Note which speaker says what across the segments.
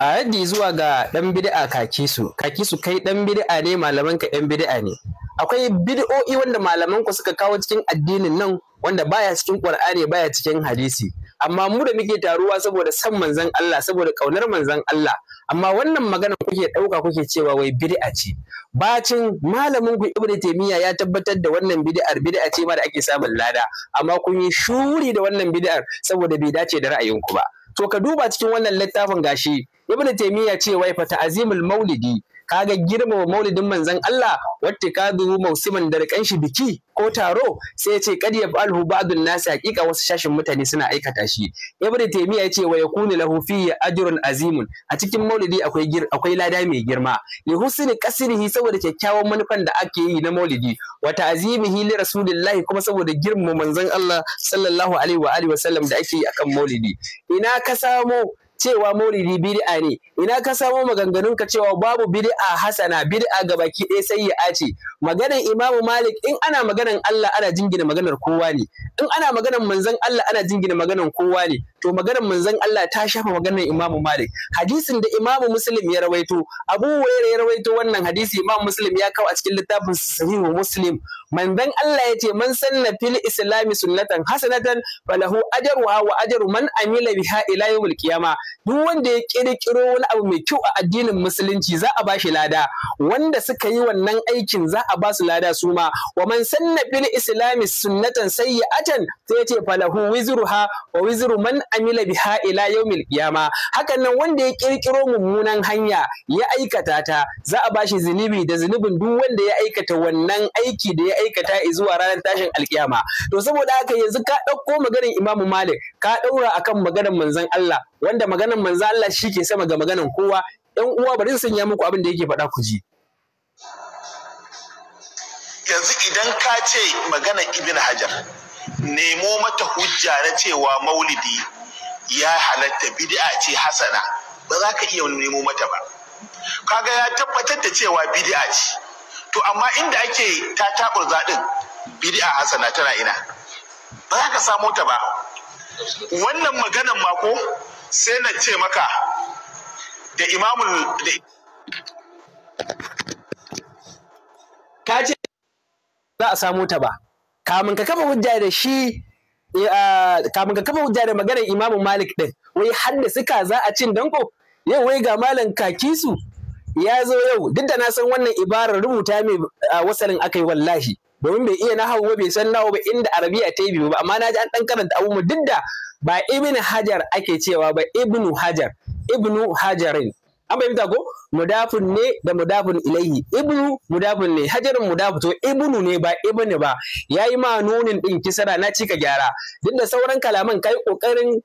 Speaker 1: a haddi zuwa ga ɗan bid'a kakisu kakisu kai ɗan bid'a ne malaman ka ɗan bid'a ne akwai bid'o'i wanda malaman ku suka kawo cikin addinin nan wanda baya cikin qur'ani baya cikin hadisi amma mu da muke taruwa saboda san manzon Allah saboda kaunar manzon Allah amma wannan magana kuke ɗauka kuke cewa wai bid'a ce bacin malamin ku ibnu taymiya ya tabbatar da wannan bid'ar bid'a ce ma da ake samun lada amma kun yi shuri da wannan bid'ar saboda bai dace da ra'ayinku ba to ka duba cikin wannan littafin gashi ibnu taymiya ce wai fata azimul maulidi kaga girmama maulidin manzon Allah wata kadu mausiman da rikan shi biki ko taro sai ya ce kad ya alhu ba'dun nasi hakika wasu shashin mutane suna aikata shi ibnu taymiya ya ce wa yakunu lahu fi ajrun azimun a cikin maulidi akwai lada mai girma li husni qasrihi saboda kyakkyawan manufan da ake yi na maulidi wa ta'zimihi li rasulillahi kuma saboda girmama manzon Allah sallallahu alaihi wa alihi wa sallam da ake yi akan maulidi ina ka samo cewa maulidi bid'a ne ina ka samo maganganun ka cewa babu bid'a hasana bid'a baki ɗaya sai ya ace maganar imamu malik in ana maganar Allah ana jingina maganar kowa ne in ana maganar manzon Allah ana jingina maganar kowa ne to maganar manzon Allah ta shafa maganar Imam Malik hadisin da Imam Muslim ya rawaito Abu Hurairah ya rawaito wannan hadisi Imam Muslim ya kawo a cikin littafin Sahih Muslim manzon Allah ya ce man sanna fil islami sunnatan hasanatan falahu ajruha wa ajru man amila biha ila yawmil qiyama duk wanda ya kirkiro wani abu mai kyau a addinin musulunci za a bashi lada wanda suka yi wannan aikin za a basu lada su ma wa man sanna fil islami sunnatan sayyi'atan sai ya ce falahu wizruha wa wizru man amila biha ila yaumil qiyama hakan nan wanda ya kirkiro mummunan hanya ya aikata ta za a bashi zunubi da zunubin duk wanda ya aikata wannan aiki da ya aikata zuwa ranar tashin alkiyama to saboda haka yanzu ka ɗauko maganar imamu malik ka ɗaura akan maganar manzon Allah wanda maganar manzon Allah shi ke sama ga maganar kowa yan uwa bari su sanya muku abin da yake faɗa ku ji
Speaker 2: yanzu idan ka ce magana ibn hajar nemo mata hujja na cewa maulidi ya halatta bidi'a ce hasana ba za ka iya nemo mata ba kaga ya tabbatar da cewa bidi'a ce to amma inda ake ta taburza zaɗin bid'a hasana tana ina ba za ka samo ta ba wannan maganan mako sai na ce maka da imamul da
Speaker 1: ka ce za a samo ta ba kamun ka kafa hujja da shi Eh, ah, kamun ka kafa hujja da maganar imamu malik ɗin. wai har da suka za a cin danko yau wai ga malam kakisu ya zo yau duk da na san wannan ibarar rubuta mai ah, wasalin aka yi wallahi domin bai iya nahawu ba bai san nawa ba inda arabiya ta yi ba amma na ji an ɗan karanta abubuwa duk da ba ibnu hajar ake cewa ba ibnu hajar ibnu hajarin an fahimta ko mudafin ne da mudafin ilaihi ibnu mudafin ne hajarin mudafin to ibnu ne ba ibnu ba yayi ma nunin ɗin kisara na cika gyara duk da sauran kalaman kai kokarin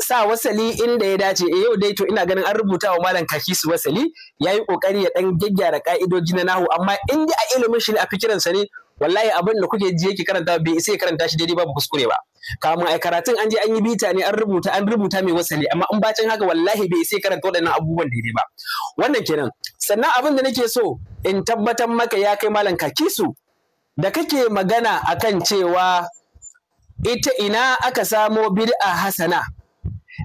Speaker 1: sa wasali inda ya dace eh yau dai to ina ganin an rubuta wa malam kaki su wasali yayi kokari ya ɗan gyaggyara ka'idoji na nahu amma in a ilimin shi ne a fikiransa ne wallahi abin da kuke ji yake karanta bai isa ya karanta shi daidai babu kuskure ba kamun ai karatun an je an yi bita ne an rubuta an rubuta mai wasali amma in bacin haka wallahi bai isa ya karanta waɗannan abubuwan daidai ba wannan kenan sannan abin da nake so in tabbatar maka ya kai malam kakisu da kake magana akan cewa ita ina aka samo bid'a hasana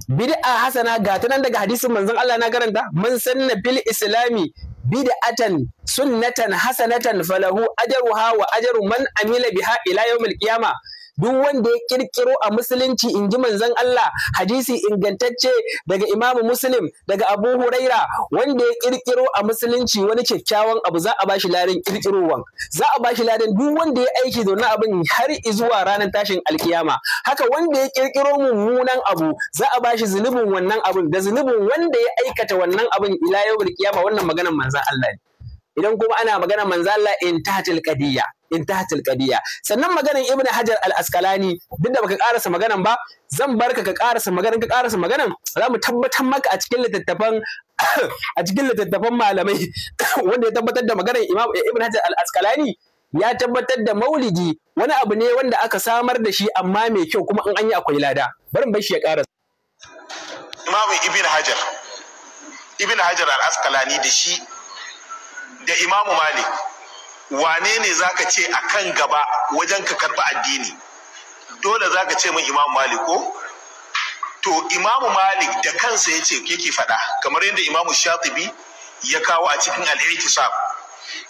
Speaker 1: bid'a hasana ga ta nan daga hadisin manzon Allah na karanta mun sanna fil islami bid'atan sunnatan hasanatan falahu ajruha wa ajru man amila biha ila yawmil qiyamah duk wanda ya kirkiro a musulunci inji manzon Allah hadisi ingantacce daga imamu muslim daga abu huraira wanda ya kirkiro a musulunci wani kyakkyawan abu za a bashi ladan kirkirowan za a bashi larin duk wanda ya aiki da abin har zuwa ranar tashin alkiyama haka wanda ya kirkiro mummunan abu za a bashi zunubin wannan abun da zunubin wanda ya aikata wannan abun ila yawmil kiyama wannan maganar manzon Allah ne idan kuma ana maganar manzon Allah intahatil qadiyya intahatil qadiyya sannan maganar Ibn Hajar al-Asqalani duk da baka karasa maganar ba zan barka ka karasa maganar ka karasa maganar za mu tabbatar maka a cikin littattafan a cikin littattafan malamai wanda ya tabbatar da maganar Imam Ibn Hajar al-Asqalani ya tabbatar da maulidi wani abu ne wanda aka samar da shi amma mai kyau kuma in an yi akwai lada barin bar shi ya ƙara
Speaker 2: imamu ibn hajar ibn hajar al-asqalani da shi da imamu malik wane ne zaka ce a kan gaba wajen ka karba addini dole zaka ce min imamu malik ko to imamu malik da kansa yace yake faɗa kamar yadda imamu shatibi ya kawo a cikin al-i'tisab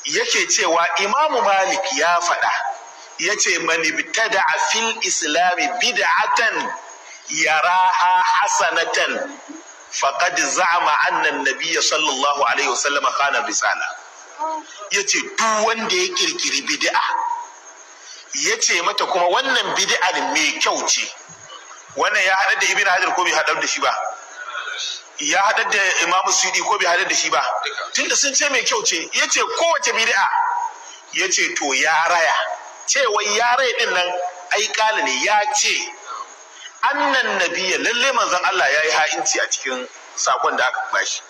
Speaker 2: yake cewa imamu malik ya faɗa ya ce manibtada a fil islami bid'atan yaraha hasanatan faqad za'ama annan Nabiya sallallahu alaihi wasallam khana risala yace duk wanda ya kirkiri bid'a yace mata kuma wannan bid'ar mai kyau ce wannan ya haɗa da ibn hajar ko bai haɗar da shi ba ya haɗar da imamu suɗi ko bai haɗar da shi ba tunda sun ce mai kyau ce ya ce kowace bid'a ya ce to ya raya cewa ya raya ɗin nan ai ƙala ne ya ce annan nabiya lalle manzon Allah ya yi ha'inci a cikin sakon da aka bashi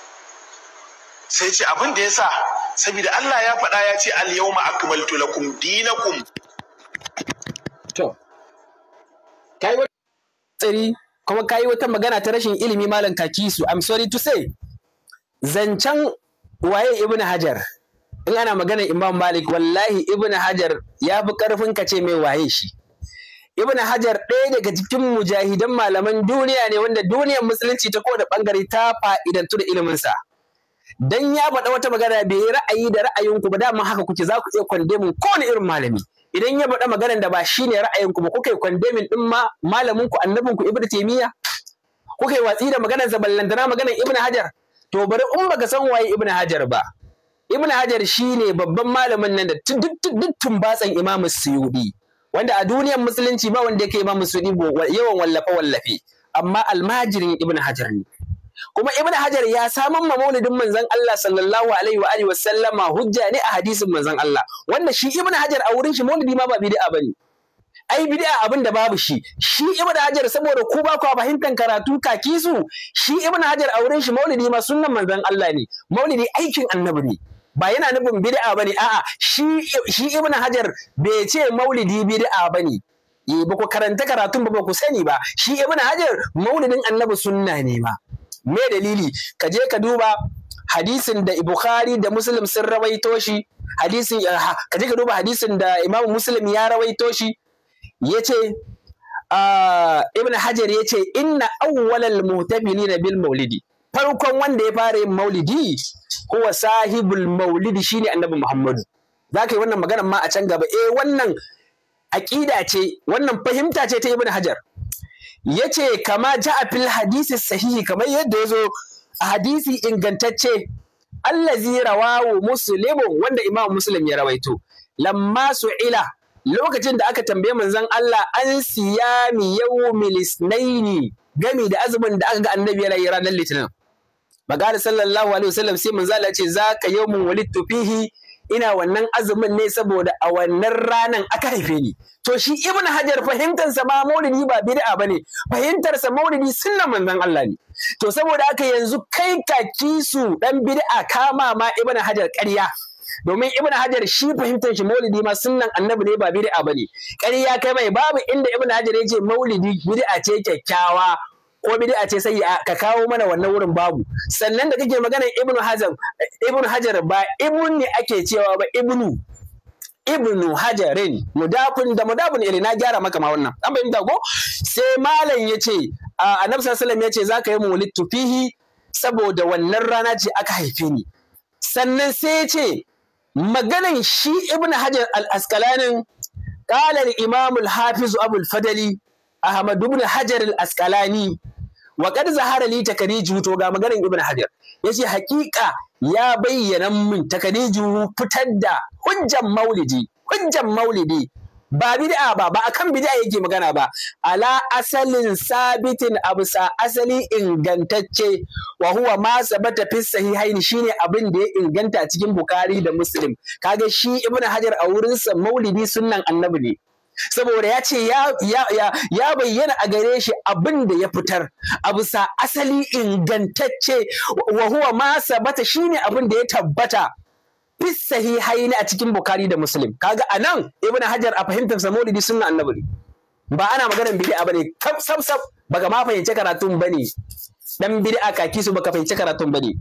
Speaker 2: sai ce abin da ya sa saboda Allah ya faɗa ya ce al yawma akmaltu lakum dinakum
Speaker 1: to kai tsari kuma kayi wata magana ta rashin ilimi malam kakisu i'm sorry to say zancen waye ibnu hajar in ana magana imam malik wallahi ibnu hajar ya fi karfin ka ce mai waye shi ibnu hajar ɗaya daga cikin mujahidan malaman duniya ne wanda duniyar musulunci ta kowane bangare ta fa'idantu da iliminsa dan ya faɗa wata magana bai ra'ayi da ra'ayinku ba dama haka kuke za ku iya kwande mun kowane irin malami idan ya faɗa magana da ba shine ra'ayin ra'ayinku ba kuka yi kwandemin ɗin ma malamin ku annabin ku ibnu taymiya kuka yi watsi da maganar zaballantana maganar ibnu hajar to bari in baka san waye ibnu hajar ba ibnu hajar shine babban malamin nan da duk tumbatsan imamu suyudi wanda a duniyar musulunci ba wanda yake imamu suyudi yawan wallafe wallafe amma almajirin ibnu hajar ne kuma ibnu hajar ya saman ma maulidin manzon Allah sallallahu alaihi wa alihi wa sallama hujja ne a hadisin manzon Allah wanda shi ibnu hajar a wurin shi maulidi ma ba bid'a bane ai bid'a abin da babu shi shi ibnu hajar saboda ku ba ku fahimtar karatu kaki su shi ibnu hajar a wurin shi maulidi ma sunnan manzon Allah ne maulidi aikin annabi ne ba yana nufin bid'a bane a'a shi shi ibnu hajar bai ce maulidi bid'a bane eh, ba ku karanta karatun ba ba ku sani ba shi ibnu hajar maulidin annabi sunna ne ba me dalili ka je ka duba hadisin da Bukhari da Muslim sun rawaito shi hadisin eh, ka je ka duba hadisin da Imam Muslim ya rawaito shi yace ah, Ibn Hajar yace inna awwalal muhtafilina bil maulidi farkon wanda ya fara yin maulidi huwa sahibul maulidi shine Annabi Muhammadu zaka yi wannan maganar ma a can gaba eh wannan aƙida ce wannan fahimta ce ta Ibn Hajar yace kama a fil hadisi sahihi kamar yadda yazo a hadisi ingantacce allazi rawahu muslimu wanda imam muslim ya rawaito lamma ila, lokacin da aka tambaye manzon Allah an siyami yawmil isnaini gami da azumin da aka ga annabi yana yi ranar litinin magana sallallahu alaihi wasallam sai manzo Allah ya ce zaka yawmun walidtu fihi ina wannan azumin ne saboda a wannan ranan aka haife ni to shi ibn hajar fahimtarsa ma maulidi ba bid'a bane fahimtarsa maulidi sunna manzon Allah ne to saboda haka yanzu kai kaki su dan bid'a kama ma ibn hajar ƙarya domin ibn hajar shi fahimtar shi maulidi ma sunnan annabi ne ba bid'a bane ƙarya kai mai babu inda ibn hajar ya ce maulidi bid'a ce kyakkyawa ko bi bid'a ce sai ka kawo mana wannan wurin babu sannan da kake magana ibnu hajar ibnu hajar ba ibnu ne ake cewa ba ibnu ibnu hajarin mudafun da mudafun iri na gyara maka ma wannan an da ko sai malam yace annabi sallallahu ya ce yace zaka yi mawlidtu fihi saboda wannan rana ce aka haife ni sannan sai yace maganan shi ibnu hajar al asqalani qala al-imam al-hafiz al fadali Ahmad ibn Hajar al-Asqalani wa qad zahara li takadiju to ga maganar Ibn Hajar yace haƙiƙa ya bayyana min takadiju fitar da hujjan maulidi hujjan maulidi ba bid'a ba ba akan bid'a yake magana ba ala asalin sabitin Abu abusa asali ingantacce wa huwa ma sabata fi sahihain shine abin da ya inganta cikin bukari da muslim kaga shi ibnu hajar a wurin sa maulidi sunnan annabi ne saboda ya ce ya bayyana a gare shi abin da ya fitar a bisa asali ingantacce wa huwa ma sabata ne abin da ya tabbata fis sahihaini a cikin bukari da muslim kaga anan ibnu hajar a fahimtar sa maulidi sunna annabi ba ana maganar bid'a bane sab sab Baga ma fahimci karatun bane dan bid'a kaki su baka fahimci karatun bane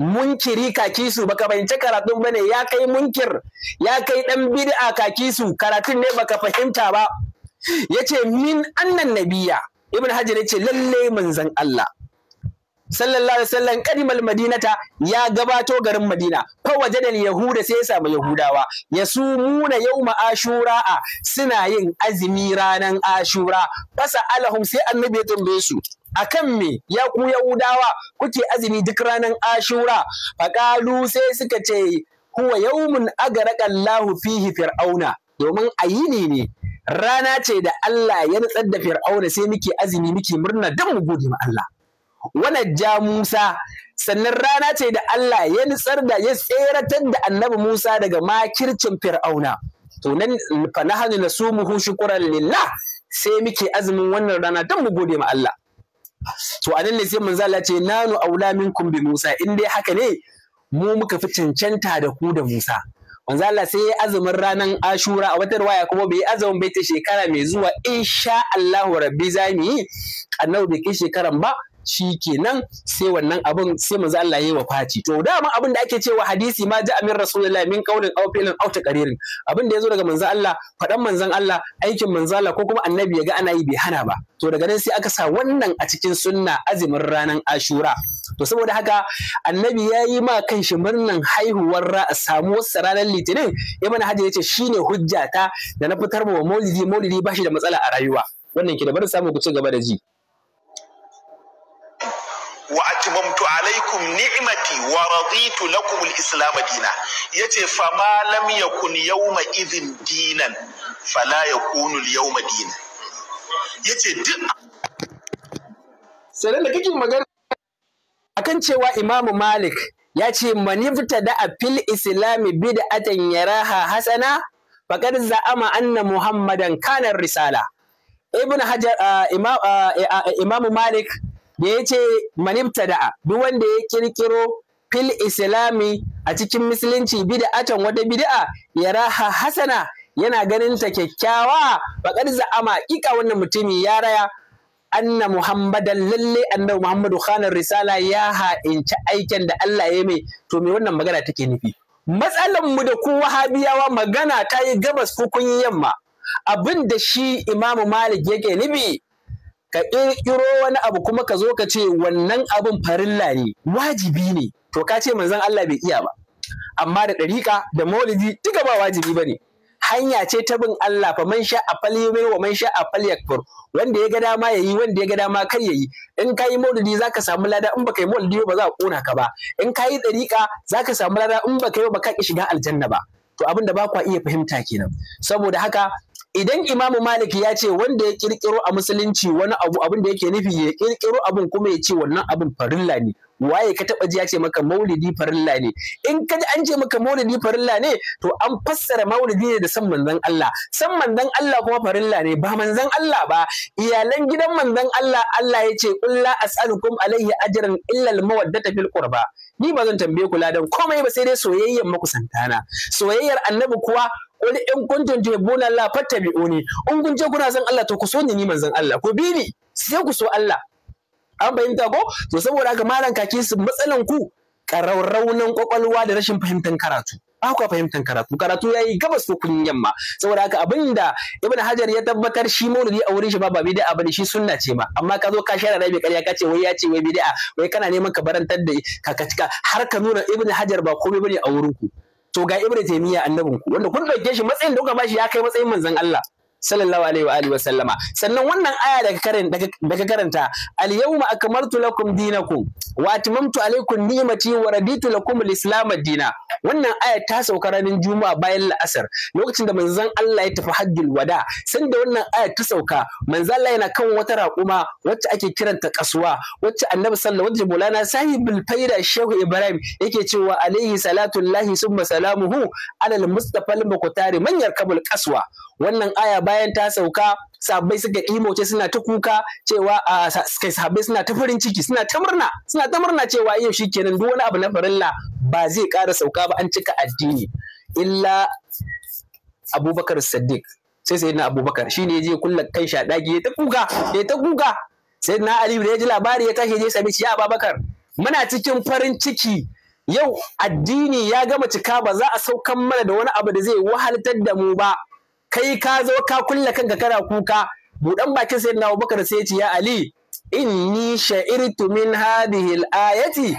Speaker 1: munkiri kaki su baka fahimci karatun bane ya kai munkir ya kai dan bid'a kaki su karatun ne baka fahimta ba yace min annan nabiyya ibn hajar yace lalle manzon Allah sallallahu alaihi wasallam kadimal madinata ya gabato garin madina ko waje da yahuda sai ya samu yahudawa ya sumuna yawma ashura suna yin azumi ranan ashura fasa alahum sai annabi ya tambaye su akan me ya ku yahudawa kuke azumi duk ranar ashura faƙalu sai suka ce huwa yawmun agaraka Allahu fihi fir'auna domin ayini ne rana ce da Allah ya nutsar da fir'auna sai muke azumi muke murna dan mu gode ma Allah wannan ja Musa sannan rana ce da Allah ya nutsar da ya tseratar da annabi Musa daga makircin fir'auna to nan fa nahnu nasumuhu shukran lillah sai muke azumin wannan rana dan mu gode ma Allah to anan ne sai manzo Allah ce nanu aula minkum bi Musa in dai haka ne mu muka fi cancanta da ku da Musa manzo Allah sai yayi azumin ranar Ashura a wata riwaya kuma bai azumin bai ta shekara mai zuwa insha Allahu rabbi zamu yi annabi bai kai shekaran ba shi kenan sai wannan abin sai manzo Allah ya yi wa faci to dama abin da ake cewa hadisi ma ja min rasulullahi min qaulin aw fi'lin aw taqririn abin da ya yazo daga manzo Allah faɗan manzon Allah aikin manzo Allah ko kuma annabi ya ga ana yi bai hana ba to daga nan sai aka sa wannan a cikin sunna azumin ranar Ashura to saboda haka annabi ya yi ma kanshi murnan haihuwar ra samu wasu ranar litinin ya mana hajji ya ce ne hujjata da na fitar wa maulidi maulidi ba shi da matsala a rayuwa wannan ke da bari samu ku ci gaba da ji
Speaker 2: wa atmamtu alaikum ni'mati wa raditu lakum al-islam dina yace fa ma lam yakun yawma idhin dinan fala yakunu al-yawma dinan yace duk
Speaker 1: sai da kike magana akan cewa Imam Malik ya ce manifta da a fil islami bid'atan yaraha hasana faqad za'ama anna muhammadan kana risala ibn hajar uh, uh, uh, imam malik da ya ce manibtada'a duk wanda ya kirkiro fil islami a cikin musulunci da bid'atan wata bid'a ya raha hasana yana ganin ta kyakkyawa Ba bakar za'ama kika wannan mutumi ya raya anna muhammadan lalle annabi muhammadu khanar risala ya ha'inci aikin da Allah ya mai to me wannan magana take nufi matsalan mu da ku wahabiyawa magana ta yi gabas ko kun yamma abin da shi imamu malik yake nufi ka ƙirƙiro wani abu kuma ka zo ka ce wannan abin farilla ne wajibi ne to ka ce manzon Allah bai iya ba amma da ɗariƙa da maulidi duka ba wajibi ba ne hanya ce ta bin Allah fa man sha a falyumai wa man sha a yakfur wanda ya ga dama ya yi wanda ya ga dama kar ya yi in ka yi maulidi za ka samu lada in baka yi maulidi ba za a ƙona ka ba in ka yi ɗariƙa za ka samu lada in baka yi ba ka shiga aljanna ba to abin da ba kwa iya fahimta kenan saboda haka idan imamu malik ya ce wanda ya kirkiro a musulunci wani abu abin da yake nufi ya kirkiro abin kuma ya ce wannan abin farilla ne waye ka taba ji ya ce maka maulidi farilla ne in ka ji an ce maka maulidi farilla ne to an fassara maulidi ne da san manzon Allah san manzon Allah kuma farilla ne ba manzon Allah ba iyalan gidan manzon Allah Allah ya ce qul la as'alukum alayhi ajran illa al mawaddata fil qurba ni ba zan tambaye ku ladan komai ba sai dai soyayyar makusantana soyayyar annabi kuwa Wani qul in kuntum tuhibbuna Allah oni in kun je kuna son Allah to ku so ni ni manzon Allah Ko bi ni sai ku so Allah an fahimta ko to saboda haka malan kake su matsalan ku ƙararraunan kwakwalwa da rashin fahimtar karatu ba ku fahimtar karatu karatu yayi gabas ko kun yamma saboda haka abinda ibn hajar ya tabbatar shi maulidi a wurin shi ba ba bid'a bane shi sunna ce ma amma ka zo ka share rabi karya ka ce wai ya ce wai bid'a wai kana neman ka barantar da kakacika har ka nuna ibn hajar ba komai bane a wurin ku to ga ibnu taymiya annabinku wanda kun dauke shi matsayin da kuka bashi ya kai matsayin manzon Allah sallallahu alaihi wa alihi wa sallama sannan wannan aya daga karanta daga karanta al yawma akmaltu lakum dinakum wa atmamtu alaykum ni'mati wa raditu lakum al-islam dina wannan aya ta sauka ranar juma'a bayan la'asar lokacin da manzon Allah ya tafi hajjul wada sanda wannan aya ta sauka manzon Allah yana kan wata raƙuma wacce ake kiranta kasuwa wacce annabi sallallahu alaihi wa maulana sahibul faida shehu ibrahim yake cewa alaihi lillahi summa salamuhu al mustafa al-muqtari man yarkabul wannan aya bayan ta sauka sabbai suka imoce suna ta kuka cewa a kai suna ta farin ciki suna ta murna suna ta murna cewa yau shikenan duk wani abu na farilla ba zai ƙara sauka ba an cika addini illa Abubakar Siddiq sai sai na Abubakar ne je kulla kan shi a ya ta kuka ya ta kuka sai na Ali da ya ji labari ya tashi je sami shi ya Abubakar muna cikin farin ciki yau addini ya gama cika ba za a saukan mana da wani abu da zai wahaltar da mu ba kai ka zo ka kulle kanka kana kuka budan bakin na Abubakar sai ya ce ya Ali inni sha'irtu min hadhihi al-ayati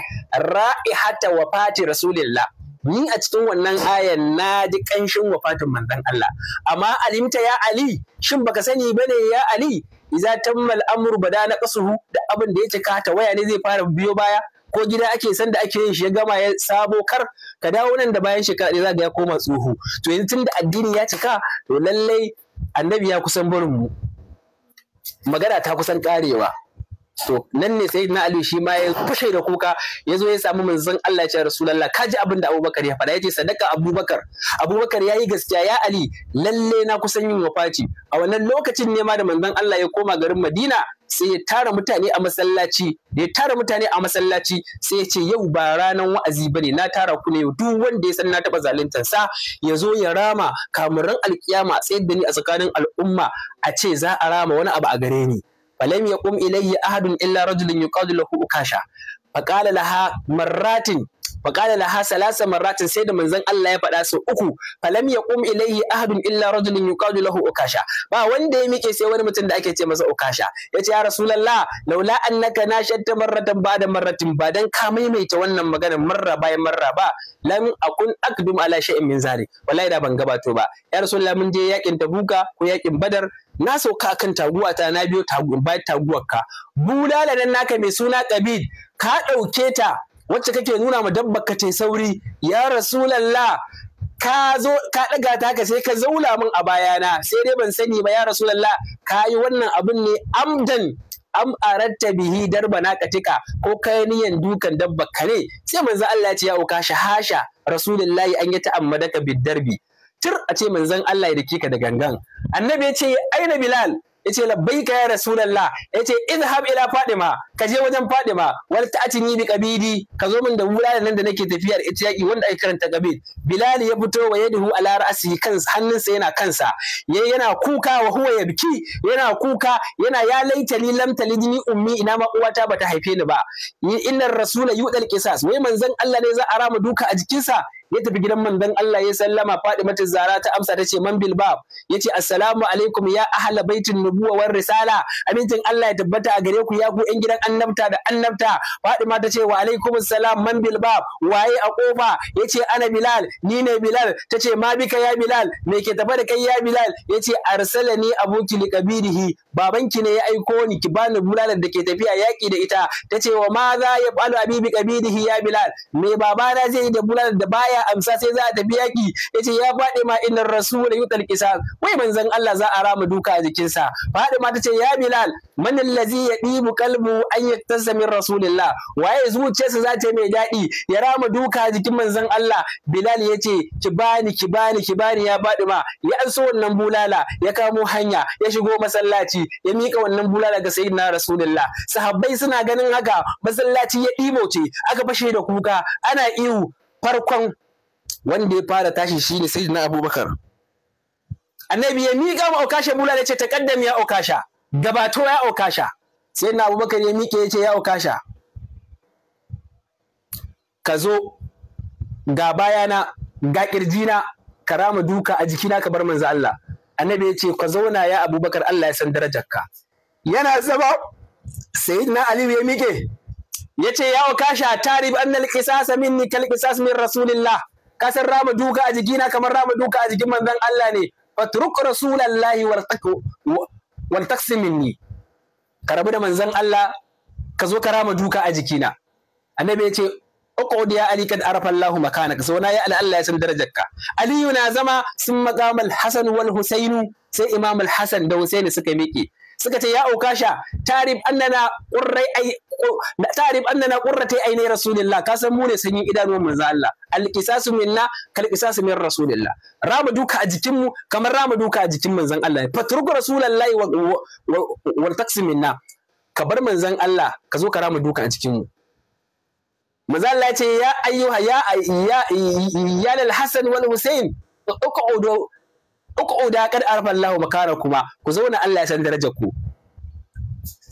Speaker 1: ra'ihata wafati rasulillah ni a cikin wannan ayan na ji kanshin wafatin manzon Allah amma alimta ya Ali shin baka sani bane ya Ali idza tammal amru bada na qasuhu da abin da ya cika ta waya ne zai fara biyo baya ko gida ake san da ake yin shi ya gama ya sabo kar ka dawo nan da bayan shekara ɗaya za ga ya koma tsoho to yanzu tun da addini ya cika to lallai annabi ya kusan barin mu magana ta kusan karewa to nan ne sai na Ali shi ma ya kushe da kuka ya zo ya samu manzon Allah ya ce Rasulullah ka ji abin da Abubakar ya faɗa ya ce sadaka Abubakar Abubakar ya yi gaskiya ya Ali lalle na kusan yin wafaci a wannan lokacin ne ma da manzon Allah ya koma garin Madina sai ya tara mutane a masallaci da ya tara mutane a masallaci sai ya ce yau ba ranar wa'azi bane na tara ku ne yau duk wanda ya san na taba zaluntar sa ya zo ya rama kamuran alkiyama tsayar da ni a tsakanin al'umma a ce za a rama wani abu a gare ni ya yaqum ilayya ahadun illa rajulun yuqadu lahu ukasha faqala laha marratin wa qala laha salasa marratin sai da manzon Allah ya faɗa sau uku falam yaqum ilayhi ahadun illa rajulun yuqalu lahu ukasha ba wanda ya mike sai wani mutum da ake ce masa ukasha yace ya rasulullah laula annaka nashatta marratan ba'da marratin ba dan ka maimaita wannan maganar marra bayan marra ba lam akun akdum ala shay'in min zalik wallahi da ban gabato ba ya rasulullah mun je yakin tabuka ko yakin badar na sauka kan taguwa ta na biyo taguwar ka bulala nan naka mai suna kabid ka ɗauke ta wacce kake nuna ma dabbar ka ce sauri ya rasulallah ka zo ka daga ta haka sai ka zaula min a bayana sai dai ban sani ba ya rasulallah ka yi wannan abin ne amdan am aratta bihi darba na katika ko kai niyan dukan dabba ka ne sai manzo Allah ya ce ya uka hasha rasulullahi an ya ta'ammadaka darbi tir a ce manzon Allah ya dake ka da gangan annabi ya ce aina bilal yace labbaika ya rasulullah yace izhab ila fadima ka je wajen fadima wal ta'tini bi qabidi ka zo min da bulala nan da nake tafiya tafiyar yaki wanda ake karanta qabid bilal ya fito wa yadihu ala ra'si kansa hannunsa yana kansa yayi yana kuka wa huwa yabki yana kuka yana ya laitali lam talidni ummi ina ma uwata bata haife ni ba innar rasul yudal qisas wai manzon Allah ne za a rama duka a jikinsa ya tafi gidan manzon Allah ya sallama mata Zara ta amsa ta ce man bilbab Ya yace assalamu alaikum ya ahla baitin nubuwa war risala amincin Allah ya tabbata a gare ku ya ku yan gidan annabta da annabta Fatima ta ce wa alaikum assalam man bilbab waye a kofa yace ana Bilal ni ne Bilal ta ce ma bika ya Bilal me ke tafa da kai ya Bilal yace arsalani abuki liqabirihi babanki ne ya aiko ni ki bani bulalar da ke tafiya yaki da ita ta ce wa ma za ya balu abibi bi ya Bilal me babana zai yi da bulalar da baya amsa sai za a tafi yaƙi ya ce ya faɗi ma inna rasul yutal kisa wai manzon Allah za a rama duka a jikinsa fatima ta ce ya Bilal man allazi dibu kalbu an yaktasa min rasulillah waye zuciyarsa za ta mai daɗi ya rama duka a jikin manzon Allah Bilal ya ce ki bani ki bani ki bani ya faɗi ma, ya anso wannan bulala ya kamo hanya ya shigo masallaci ya mika wannan bulala ga sayyidina rasulillah sahabbai suna ganin haka masallaci ya dibo ce aka fashe da kuka ana ihu farkon wanda ya fara tashi shi sai sayyidina abubakar annabi ya miƙa ma okasha bula da ce taƙaddam ya okasha gabato ya okasha na abubakar ya miƙe ya ce ya okasha ka zo ga bayana ga ƙirjina ka rama duka a jikina ka bar manzo Allah annabi ya ce ka zauna ya abubakar Allah ya san darajarka yana zama sayyidina aliyu ya miƙe ya ce ya okasha tarib annal qisas minni kal qisas min rasulillah kasan rama duka a jikina kamar rama duka a jikin manzon Allah ne fatruk rasulallahi wal taqsim minni ka rabu da manzon Allah ka zo ka rama duka a jikina annabi ya ce uqud ya ali kad arafa Allahu makanaka zauna ya Allah ya san darajarka aliyu na zama sun maqamal hasan wal husainu sai imam al hasan da husaini suka miƙe suka ce ya ukasha tarib annana qurrai ay tarib annana qurratai aini rasulillah ka san mu ne sanyin idanuwan manzo Allah alqisasu minna kalqisasu min rasulillah rama duka a jikin mu kamar rama duka a jikin manzon Allah fatruku rasulillah wa taqsim minna ka bar manzon Allah ka zo ka rama duka a jikin mu manzo Allah ya ce ya ayyuha ya ya ya lal hasan wal husain uqudu uku da kad arfa Allahu makara kuma ku zauna Allah ya san darajar ku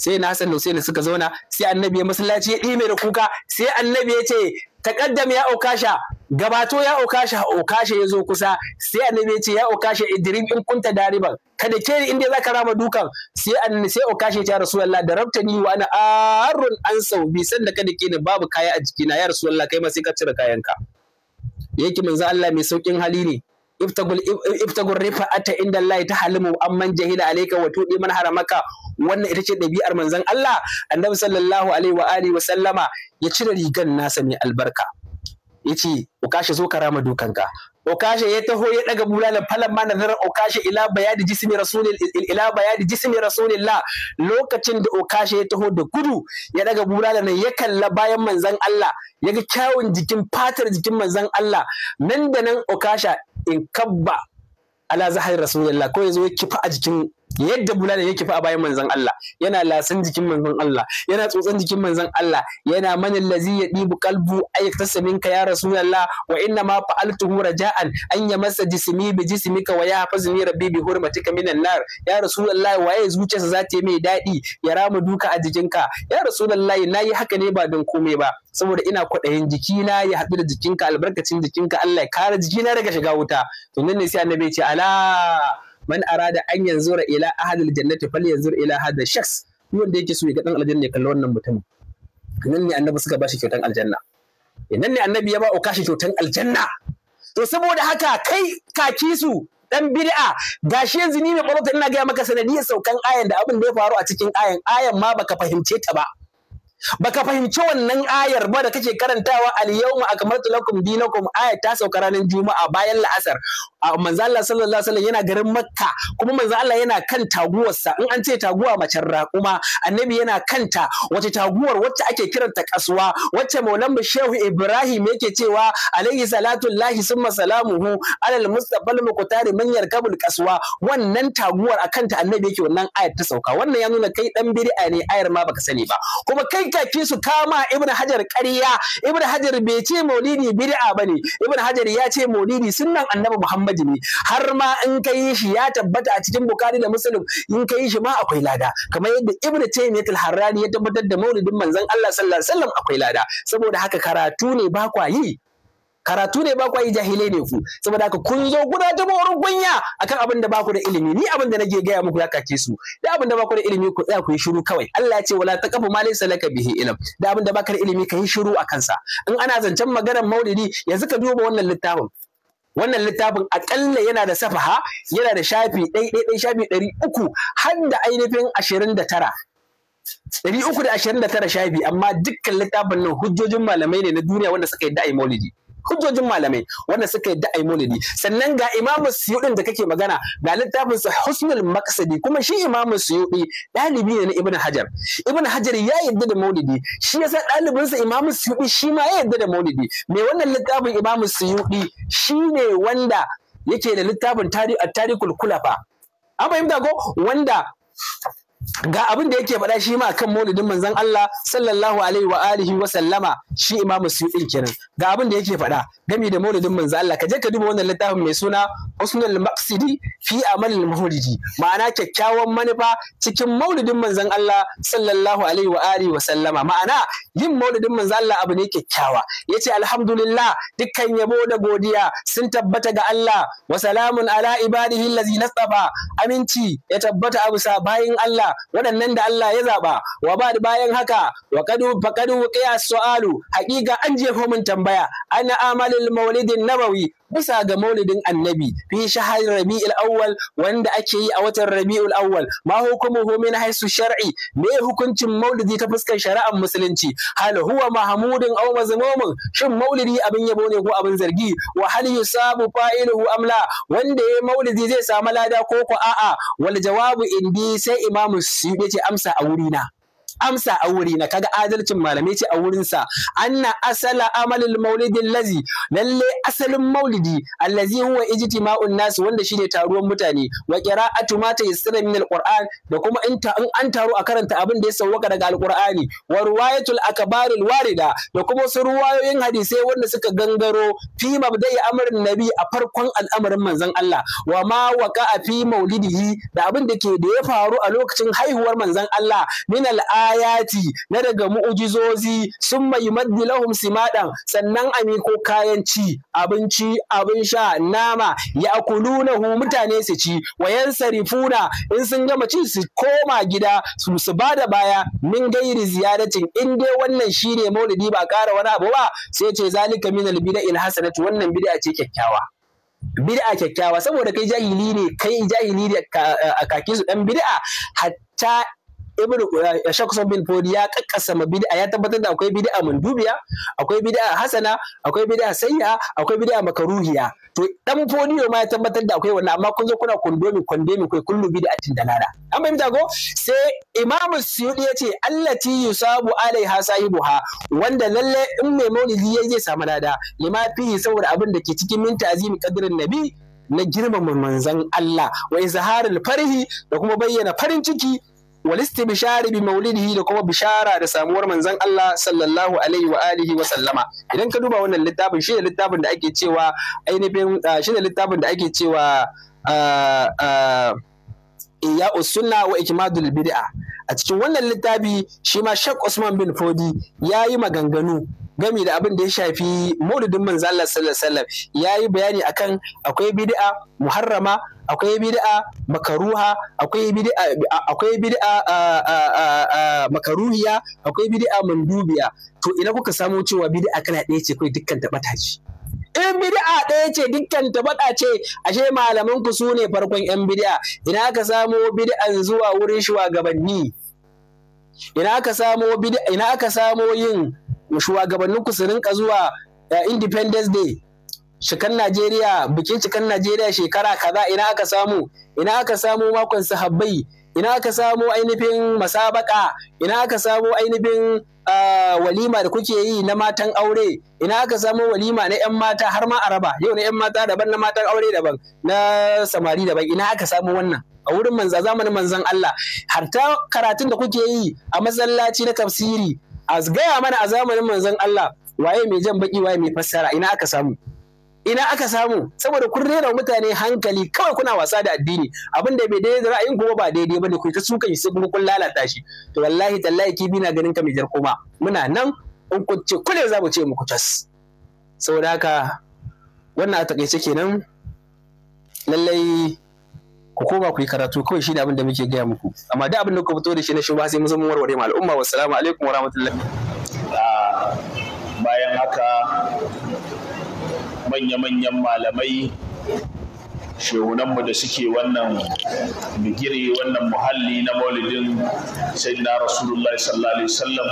Speaker 1: sai na Hassan Hussein suka zauna sai annabi ya masallaci ya dime da kuka sai annabi ya ce taqaddam ya okasha gabato ya okasha okasha ya kusa sai annabi ya ce ya okasha idrim in kunta dariban kada ke inda zaka rama dukan sai annabi sai okasha ya rasulullah da rabtani wa ana arun an sau saubi sanda kada ke babu kaya a jikina ya rasulullah kai ma sai ka cire kayanka yake manzo Allah mai saukin hali ne ibtagul rifa rifa'ata inda Allah ta halimu amman jahila alayka wa tudi man haramaka wannan ita ce ɗabi'ar manzon Allah annabi sallallahu alaihi wa alihi wa sallama ya cire rigan nasa mai albarka yace ukashi zo ka rama dukanka ukashi ya taho ya daga bulalan falan ma nazarar ukashi ila bayadi jismi rasulil ila bayadi jismi rasulillah lokacin da ukashi ya taho da gudu ya daga bulalan ya kalla bayan manzon Allah Yaga kyawun jikin fatar jikin manzon Allah nan da nan ukasha in kabba ala zahar rasulullah ko yanzu ya kifa a jikin yadda bulala yake fa a bayan manzon Allah yana lasan jikin manzon Allah yana tsotsan jikin manzon Allah yana man allazi dibu qalbu ay tasaminka ya rasulullah wa inna ma fa'altuhu raja'an an yamassa jismi bi ka wa yahfazni rabbi bi hurmatika minan nar ya rasulullah waye zuciyarsa za ta yi mai dadi ya rama duka a jikinka ya rasulullah nayi haka ne ba don komai ba saboda ina kwaɗayin jikina ya haɗu da jikinka albarkacin jikinka Allah ya kare jikina daga shiga wuta to nan ne sai annabi ya ce ala man arada an yanzura ila ahadul jannati falyanzur ila hadha shakhs wanda yake so ya ga dan aljanna ya kalli wannan mutumin nan ne annabi suka bashi kyautan aljanna eh, nan ne annabi ya ba o kashi kyautan aljanna to saboda haka kai kaki su dan bid'a gashi yanzu ni mai barota ina gaya maka sanadiyar saukan ayan da abin da ya faru a cikin ayan ayan ma baka fahimce ta ba baka fahimci wannan ayar ba da kake karantawa al-yawma akmaltu lakum dinakum ayat ta sauka ranar juma'a bayan la'asar manzo Allah sallallahu alaihi wasallam yana garin Makka kuma manzo Allah yana kan taguwarsa in an ce taguwa macen raƙuma annabi yana kanta wace taguwar wacce ake kiranta kasuwa wacce maulan shehu Ibrahim yake cewa alayhi salatu lahi summa salamuhu alal mustaqbal muqtari man yarkabul kasuwa wannan taguwar akanta annabi yake wannan ayar ta sauka wannan ya nuna kai dan bid'a ne ayar ma baka sani ba kuma kai fi su kama ibn hajar ƙarya ibn hajar bai ce maulidi bid'a ne. ibn hajar ya ce maulidi sunnan annabi muhammad ne har ma in kai shi ya tabbata a cikin bukhari da muslim in kai shi ma akwai lada kamar yadda ibn taymiyyah al-harrani ya tabbatar da maulidin manzon Allah sallallahu alaihi wasallam akwai lada saboda haka karatu ne ba kwa yi karatu ne ba kwayi jahilai ne ku saboda haka kun zo kuna ta wurin kunya akan abin da ba ku da ilimi ni abin da nake gaya muku ya kake su da abin da ba ku da ilimi ku tsaya ku yi shiru kawai Allah ya ce wala taqafu ma laysa laka bihi ilm da abin da ka da ilimi ka yi shiru akan sa in ana zancen maganar maulidi yanzu ka duba wannan littafin wannan littafin akalla yana da safaha yana da shafi ɗai ɗai ɗai shafi ɗari uku har da ainihin ashirin da tara ɗari uku da ashirin da tara shafi amma dukkan littafin nan hujjojin malamai ne na duniya wanda suka yi da'i maulidi hujjojin malamai wanda suka yi da'ai maulidi sannan ga imamu suyuɗin da kake magana ga littafin sa husnul maqsadi kuma shi imamu suyuɗi ɗalibi ne na ibnu hajar ibnu hajar ya yadda da maulidi shi yasa ɗalibinsa imamu suyuɗi shi ma ya yadda da maulidi me wannan littafin imamu suyuɗi shine wanda yake da littafin tarihi at-tarikul kulafa an fahimta ko wanda ga abin da yake faɗa shi ma kan maulidin manzon Allah sallallahu alaihi wa alihi wa sallama shi imamu suyuti kenan ga abin da yake faɗa gami da maulidin manzon Allah ka je ka duba wannan littafin mai suna husnul maqsidi fi al maulidi ma'ana kyakkyawan manufa cikin maulidin manzon Allah sallallahu alaihi wa alihi wa sallama ma'ana yin maulidin manzon Allah abu ne kyakkyawa yace alhamdulillah dukkan yabo da godiya sun tabbata ga Allah wa salamun ala ibadihi allazi nastafa aminci ya tabbata abusa bayin Allah waɗannan da Allah ya zaɓa wa ba bayan haka wa kadu kadu qiya su'alu haƙiƙa an jefo min tambaya ana amalul maulidin nabawi bisa ga maulidin annabi fi shahar rabi'ul awwal wanda ake yi a watan rabi'ul awwal ma hukumuhu min haisu shar'i me hukuncin maulidi ta fuskar shari'ar musulunci hal huwa mahmudun aw mazmumun shin maulidi abin yabo ne ko abin zargi wa hal yusabu fa'iluhu amla wanda ya maulidi zai samu lada ko ko a'a wal jawabu indi sai imamu suyuti ce amsa a wurina amsa a wuri na kaga adalcin malamai ce a wurinsa anna asala amalil maulidin lazi lalle asalin maulidi allazi huwa ijtima'un nas wanda shine taruwan mutane wa qira'atu ma yassara min alquran da kuma in an taru a karanta abin da ya sauwaka daga alqur'ani wa riwayatul akbaril warida da kuma su ruwayoyin hadisai wanda suka gangaro fi mabda'i amrin nabi a farkon al'amarin manzon Allah wa ma waqa'a fi maulidihi da abin da ke da ya faru a lokacin haihuwar manzon Allah min al ayati na daga mu'ujizozi sun mai maddi lahum simadan sannan a miko kayan ci abinci abin sha nama ya akulunahu mutane su ci wa sarifuna in sun gama ci su koma gida su su bada baya min gairi ziyaratin in dai wannan shine maulidi ba kara wani abu ba sai ce zalika min il hasanatu wannan bid'a ce kyakkyawa bid'a kyakkyawa saboda kai jahili ne kai jahili ne a kakin su dan bid'a hatta ibn ya sun bin fodi ya kakkasa ma ya tabbatar da akwai bid'a mandubiya akwai bid'a hasana akwai bid'a sayya akwai bid'a makaruhiya to dan fodiyo ma ya tabbatar da akwai wannan amma kun zo kuna kondomi kondomi kai kullu bid'atin dalala an bai mutago sai imamu suyudi yace allati yusabu alaiha sahibuha wanda lalle in mai maulidi ya zai samu lada lima fihi saboda abin da ke cikin minta azimi kadirin nabi na girmama manzon Allah wa izharul farhi da kuma bayyana farin ciki walisti bishari bi maulidihi da kuma bishara da samuwar manzon Allah sallallahu alaihi wa alihi wa sallama idan ka duba wannan littafin shi ne littafin da ake cewa ainihin shi ne littafin da ake cewa iya usunna wa ikmadul bid'a a cikin wannan littafi shi ma Sheikh Usman bin Fodi ya yi maganganu gami da abin da ya shafi maulidin manzo Allah sallallahu alaihi wasallam yayi bayani akan akwai bid'a muharrama akwai bid'a makaruha akwai bid'a akwai bid'a makaruhiya akwai bid'a mandubiya to ina kuka samu cewa bid'a kana ɗaya ce kai dukkan ta bata ce in bid'a ɗaya ce dukkan ta bata ce ashe malaman ku su ne farkon yan bid'a ina ka samo bid'an zuwa wurin shugabanni ina ka samo ina ka samo yin shugabannin ku su rinka zuwa eh, independence day shikan najeriya bikin cikan najeriya shekara kaza ina aka samu ina aka samu makon sahabbai ina aka samu ainihin masabaka ina aka samu ainihin ah, walima da kuke yi na matan aure ina aka samu walima na 'yan mata har ma araba yau na 'yan mata daban na matan aure daban na samari daban ina aka samu wannan a wurin manza zamanin manzan Allah harta karatun da kuke yi a masallaci na tafsiri a gaya mana a zamanin manzon Allah waye mai jan baki waye mai fassara ina aka samu ina aka samu saboda kun rera mutane hankali kawai kuna wasa da addini abin da bai daidai da ra'ayin kuma ba daidai bane ku ta suka shi sai kun lalata shi to wallahi tallahi kibi na ganin ka mai jar kuma muna nan in ku ce kule za mu ce muku tas saboda haka wannan a takaice kenan lallai ku koma ku yi karatu kawai shi ne abin da muke gaya muku amma da abin da kuka fito da shi na shi ba sai mun zama warware ma al'umma wassalamu alaikum warahmatullahi ah, bayan haka
Speaker 3: manya-manyan malamai shehunanmu da suke wannan bigire wannan muhalli na maulidin sayyidina rasulullahi sallallahu alaihi wasallam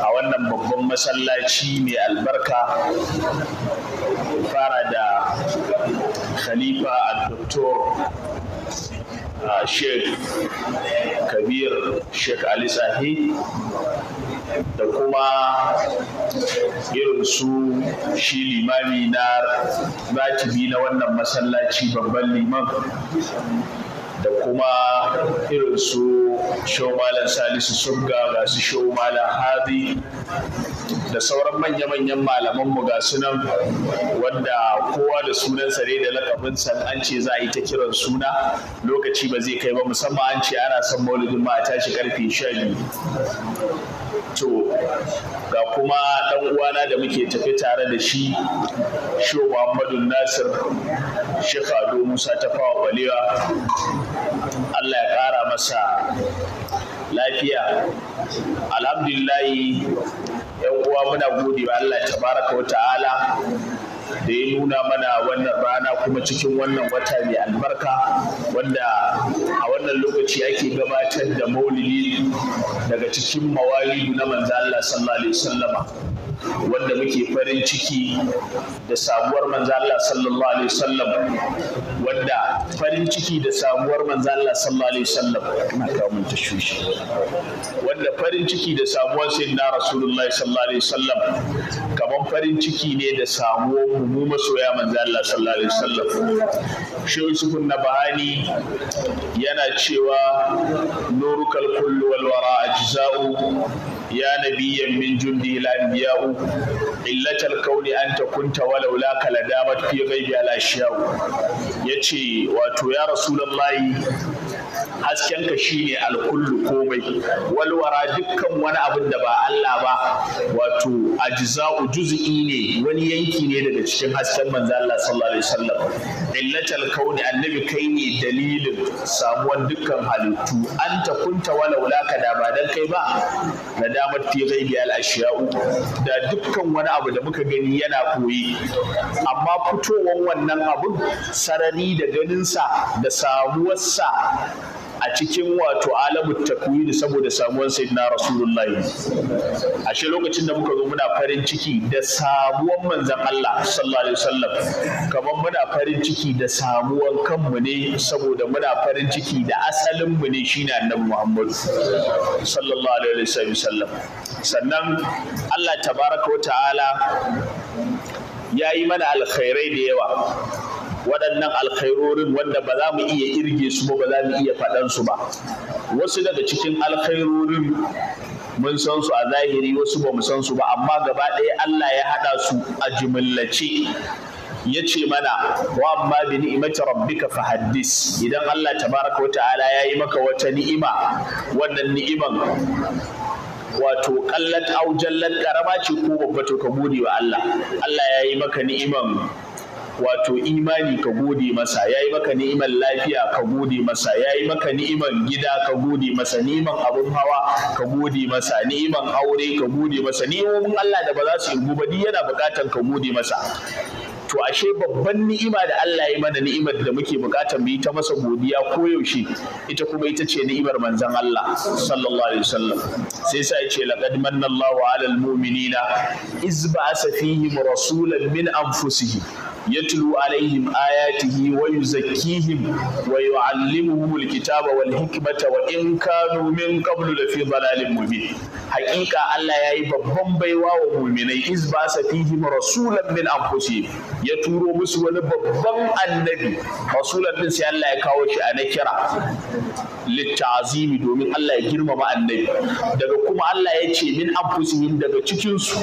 Speaker 3: a wannan babban masallaci mai albarka fara da khalifa al-doktor sheikh kabir shek ali sahi da kuma irin su shi limami na ratibi na wannan masallaci babban liman da kuma irin su showmalan salisu subga ga su showmalan hadi da sauran manya-manyan malamanmu ga sunan wanda kowa da sunansa ne da lakabin san an ce za a yi ta kiran suna lokaci ba zai kai ba musamman an ce ana son maulidin ma a tashi karfe sha biyu to ga kuma ɗan uwana da muke tafi tare da shi sho muhammadu nasir shekado musa tafawa balewa Allah ya ƙara masa lafiya alhamdulillahi yan uwa muna gode wa Allah tabaraka wa ta'ala da ya nuna mana wannan rana kuma cikin wannan wata mai albarka wanda a wannan lokaci ake gabatar da maulidi daga cikin mawalidu na manzo Allah sallallahu alaihi wasallama wanda muke farin ciki da sabuwar manzo Allah sallallahu alaihi wasallam wanda farin ciki da sabuwar manzo Allah sallallahu alaihi wasallam ina kawo mun tashwishi wanda farin ciki da sabuwar sayyidina rasulullahi sallallahu alaihi wasallam kaman farin ciki ne da sabuwar mu masoya manzo Allah sallallahu alaihi wasallam shehu Yusuf Nabahani yana cewa nurukal kullu wal wara ajza'u يا نبيا من جندي الأنبياء علة الكون أنت كنت ولولاك لدامت في غيب الأشياء يتشي واتو يا رسول الله haskenka shine alkullu komai walwara dukkan wani abin da ba Allah ba wato ajza'u juz'i ne wani yanki ne daga cikin hasken manzo Allah sallallahu alaihi wasallam illatal kauni annabi kai ne dalilin samuwar dukkan halittu anta kunta walaula ka da ba dan kai ba na damar fi ghaibi al ashya'u da dukkan wani abu da muka gani yana koyi amma fitowan wannan abun sarari da ganinsa da samuwarsa a cikin wato alamu takwini saboda samuwar sayyidina rasulullahi ashe lokacin da muka zo muna farin ciki da sabuwar manzon Allah sallallahu alaihi wasallam kamar muna farin ciki da samuwar kanmu ne saboda muna farin ciki da asalin mu ne shine annabi muhammadu sallallahu alaihi wasallam sannan Allah tabaraka wa ta'ala ya yi mana alkhairai da yawa waɗannan alkhairorin wanda ba za mu iya irge su ba ba za mu iya faɗan su ba wasu daga cikin alkhairorin mun san su a zahiri wasu ba mu san su ba amma gaba ɗaya Allah ya haɗa su a jimillace ya ce mana wa amma bi ni'imati rabbika fa haddis idan Allah tabaraka wa ta'ala ya yi maka wata ni'ima wannan ni'iman wato kallat au jallat karama ce ko babba to ka gode wa Allah Allah ya yi maka ni'iman wato imani ka gode masa ya yi maka ni'imar lafiya ka gode masa ya yi maka ni'imar gida ka gode masa ni'imar abun hawa ka gode masa ni'imar aure ka gode masa ni'imomin Allah da ba za su irgu ba yana buƙatar ka gode masa to ashe babban ni'ima da Allah ya mana ni'imar da muke bukatar mu yi ta masa godiya koyaushe ita kuma ita ce ni'imar manzon Allah sallallahu alaihi wasallam sai sa ya ce laqad manna Allahu 'alal mu'minina iz ba'asa fihim rasulan min anfusihim Ya yatlu alaihim ayatihi wa yuzakkihim wa yu'allimuhum alkitaba wal hikmata wa in kanu min qablu lafi dalalin mubin haƙiƙa Allah yayi babban baiwa wa mu'minai iz ba sa fihim rasulan min ya turo musu wani babban annabi rasulan din sai Allah ya kawo shi a na kira littazimi domin Allah ya girmama annabi daga kuma Allah ya ce min anfusihim daga cikinsu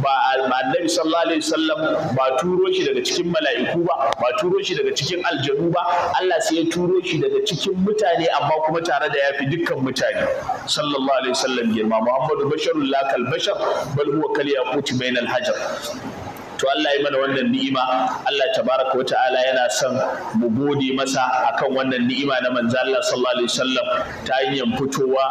Speaker 3: ba annabi sallallahu alaihi ba turo shi daga daga cikin mala'iku ba ba turo shi daga cikin aljanu ba Allah sai ya turo shi daga cikin mutane amma kuma tare da yafi dukkan mutane sallallahu alaihi wasallam girma Muhammadu basharul lakal bashar bal huwa kal yaquti bainal hajar to Allah yi mana wannan ni'ima Allah tabaraka wa ta'ala yana son mu gode masa akan wannan ni'ima na manzo Allah sallallahu alaihi wasallam ta hanyar fitowa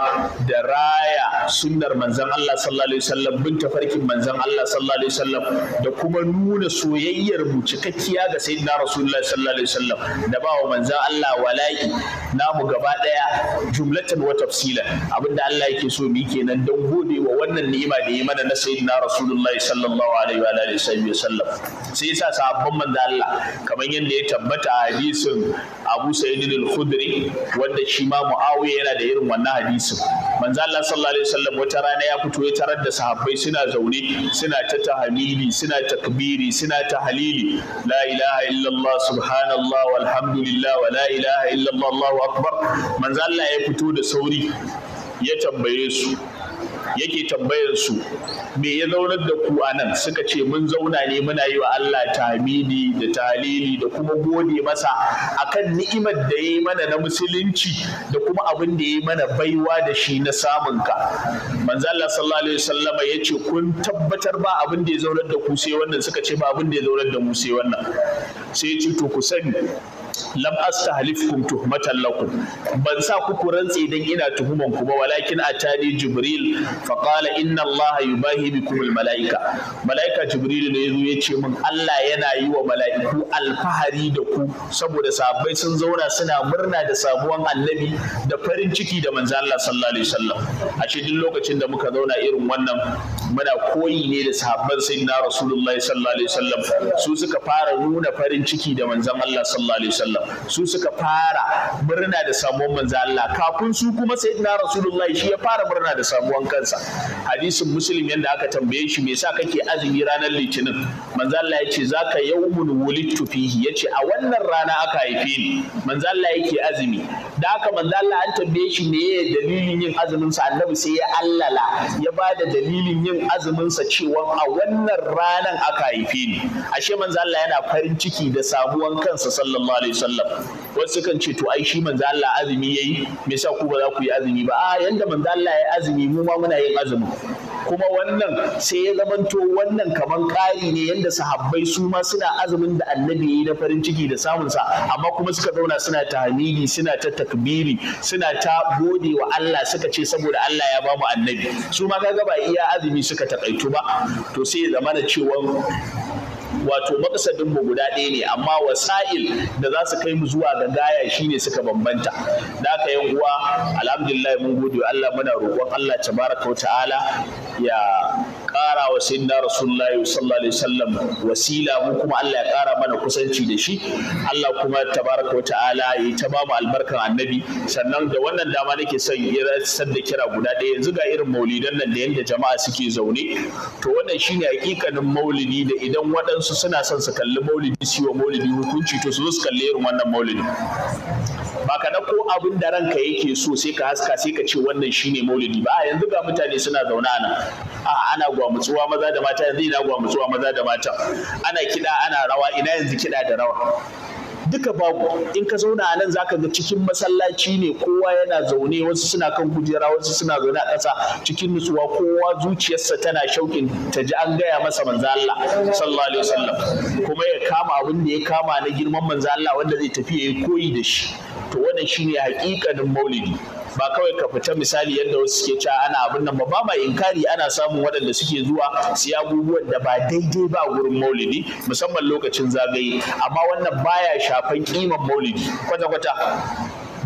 Speaker 3: da raya sunnar manzon Allah sallallahu alaihi wasallam bin tafarkin manzon Allah sallallahu alaihi wasallam da kuma nuna soyayyar mu cikakkiya ga sayyidina rasulullahi sallallahu alaihi wasallam da ba wa manzon Allah wala'i namu gaba daya jumlatan wa tafsilan abinda Allah yake so mu kenan don gode wa wannan ni'ima da ya mana na sayyidina rasulullahi sallallahu alaihi wa alihi wasallam sai yasa sahabban manzo Allah kamar yadda ya tabbata a hadisin Abu Sa'id al-Khudri wanda shi ma Muawiya yana da irin wannan hadisin manzo Allah sallallahu alaihi wasallam wata rana ya fito ya tarar da sahabbai suna zaune suna ta tahmidi suna takbiri suna tahlili la ilaha illallah subhanallah walhamdulillah wa la ilaha illallah Allahu akbar manzo Allah ya fito da sauri ya tambaye su yake tambayar su me ya zaunar da ku anan suka ce mun zauna ne muna yi wa Allah tamidi da talili da kuma gode masa akan ni'imar da ya yi mana na musulunci da kuma abin da ya yi mana baiwa da shi na samun ka manzo Allah sallallahu alaihi wasallam ya ce kun tabbatar ba abin da ya zaunar da ku sai wannan suka ce ba abin da ya zaunar da mu sai wannan sai ya ce to ku sani lam astahlifkum tuhmatan lakum ban sa ku ku rantse dan ina tuhuman ku ba walakin atani jibril fa qala inna Allah yubahi bikum al malaika malaika jibril ne yazo ya ce min Allah yana yi wa malaiku alfahari da ku saboda sahabbai sun zauna suna murna da sabuwan annabi da farin ciki da manzo Allah sallallahu alaihi wasallam a duk lokacin da muka zauna irin wannan muna koyi ne da sahabban sayyidina rasulullahi sallallahu alaihi wasallam su suka fara nuna farin ciki da manzon Allah sallallahu alaihi wasallam wasallam su suka fara murna da samuwan manzo Allah kafin su kuma sayyidina rasulullahi shi ya fara murna da samuwan kansa hadisin muslim yanda aka tambaye shi me yasa kake azumi ranar litinin manzo Allah ya ce zaka yawmun wulidtu fihi ce a wannan rana aka haife ni manzo Allah yake azumi da haka manzo Allah an tambaye shi me dalilin yin azumin sa annabi sai ya allala ya ba da dalilin yin azumin sa cewa a wannan ranan aka haife ni ashe manzo Allah yana farin ciki da samuwan kansa sallallahu alaihi alaihi wasallam wasu kan ce to ai shi manzo Allah azumi yayi me yasa ku ba za ku yi azumi ba a ah, yanda manzo Allah ya azumi mu ma muna yin azumi kuma wannan sai ya zamanto wannan kaman ƙari ne yanda sahabbai su ma suna azumin da annabi yayi na farin ciki da samun sa amma kuma suka zauna suna ta suna ta takbiri suna ta gode wa Allah suka ce saboda Allah ya bamu annabi su ma kaga ba iya azumi suka takaito ba to sai ya zamana cewa wato maksadin mu guda ɗaya ne amma wasa'il da za su kai mu zuwa ga gaya shine suka bambanta da haka yan uwa alhamdulillah mun gode Allah muna roƙon Allah tabaraka wa ta'ala ya ƙara wa sayyidina rasulullahi sallallahu alaihi wasallam wasila mu kuma Allah ya ƙara mana kusanci da shi Allah kuma tabaraka wa ta'ala ya ta ba mu albarkan annabi sannan da wannan dama nake son san da kira guda ɗaya yanzu ga irin maulidan nan da yanda jama'a suke zaune to wannan shine hakikanin maulidi da idan waɗansu suna son su kalli maulidi su yi wa maulidi hukunci to su zo su kalli irin wannan maulidi ba ka ɗauko abin da ranka yake so sai ka haska sai ka ce wannan shine maulidi ba yanzu ga mutane suna zaune ana a ana gwamutsuwa maza da mata yanzu ina gwamutsuwa maza da mata ana kiɗa ana rawa ina yanzu kiɗa da rawa duka babu in ka zauna a nan za ka ga cikin masallaci ne kowa yana zaune wasu suna kan kujera wasu suna zaune a ƙasa cikin nutsuwa kowa zuciyarsa tana shauƙin ta ji an gaya masa manzo Allah sallallahu alaihi wasallam kuma ya kama abin da ya kama na girman manzo Allah wanda zai tafi ya yi koyi da shi to wannan shine hakikanin maulidi ba kawai ka fita misali yadda wasu suke cewa ana abin nan ba ba ma inkari ana samun waɗanda suke zuwa su yi abubuwan da ba daidai ba gurin maulidi musamman lokacin zagaye amma wannan baya shafan kiman maulidi kwata-kwata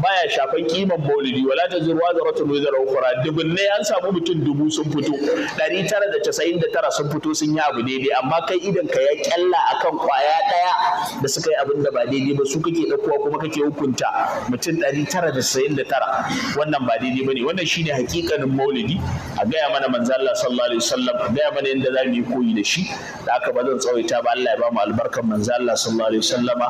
Speaker 3: baya shafan kiman maulidi wala ta zirwa da ratun wizar ukura dubunne an samu mutum dubu sun fito ɗari tara da casa'in da tara sun fito sun yi abu daidai amma kai idan ka ya kyalla akan kwaya ɗaya da suka yi abin da ba daidai ba su kake ɗaukowa kuma kake hukunta mutum ɗari tara da casa'in da tara wannan ba daidai ba ne wannan shine hakikanin maulidi a gaya mana manzo Allah sallallahu alaihi wasallam gaya mana yadda za mu yi koyi da shi da aka ba zan tsawaita ba Allah ya ba mu albarkan manzo Allah sallallahu alaihi wasallama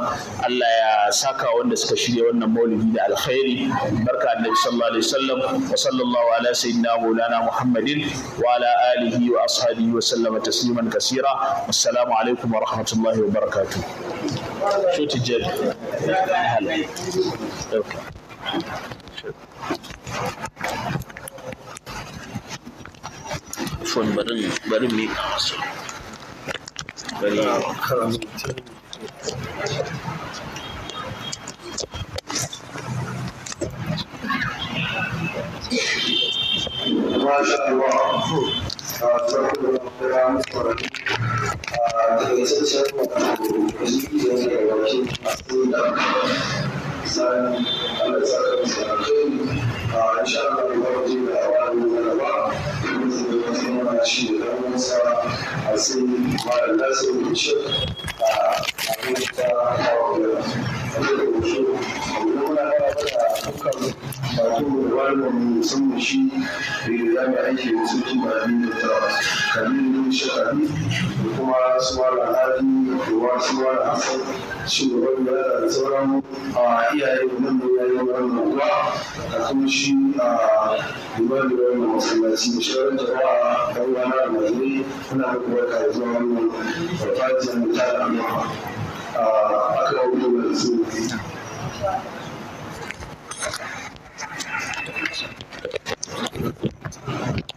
Speaker 3: Allah ya saka wanda suka shirya wannan maulidi da alkhairi alkhairi barka annabi sallallahu alaihi wasallam wa sallallahu ala sayyidina maulana muhammadin wa alihi wa ashabihi wa sallama tasliman kasira assalamu alaikum wa rahmatullahi wa barakatuh shoti jed okay Fon barin barin ما شاء الله saboda kira mafarki a takaitaccen wajen da ya wace masu da sani ala sakar sanakai a insha Allah ba ku ji da wani wani ba kuma su da wasu mana shi da ɗan wasa a sai mara lasa wuce a amurka a wajen da wuce akan
Speaker 2: wato wani musamman shi da za aiki da su ji ba ni da ta kamin shi kamin da kuma
Speaker 3: su wala hadi da wasu wala hasan shugaban da da sauran iyaye da nan da yayi wannan ruwa da kuma shi liman da wannan masallaci da shawarar jama'a da wani da mazuri muna da barka da zuwa wannan farfajiyar da ta da amma aka wuce da su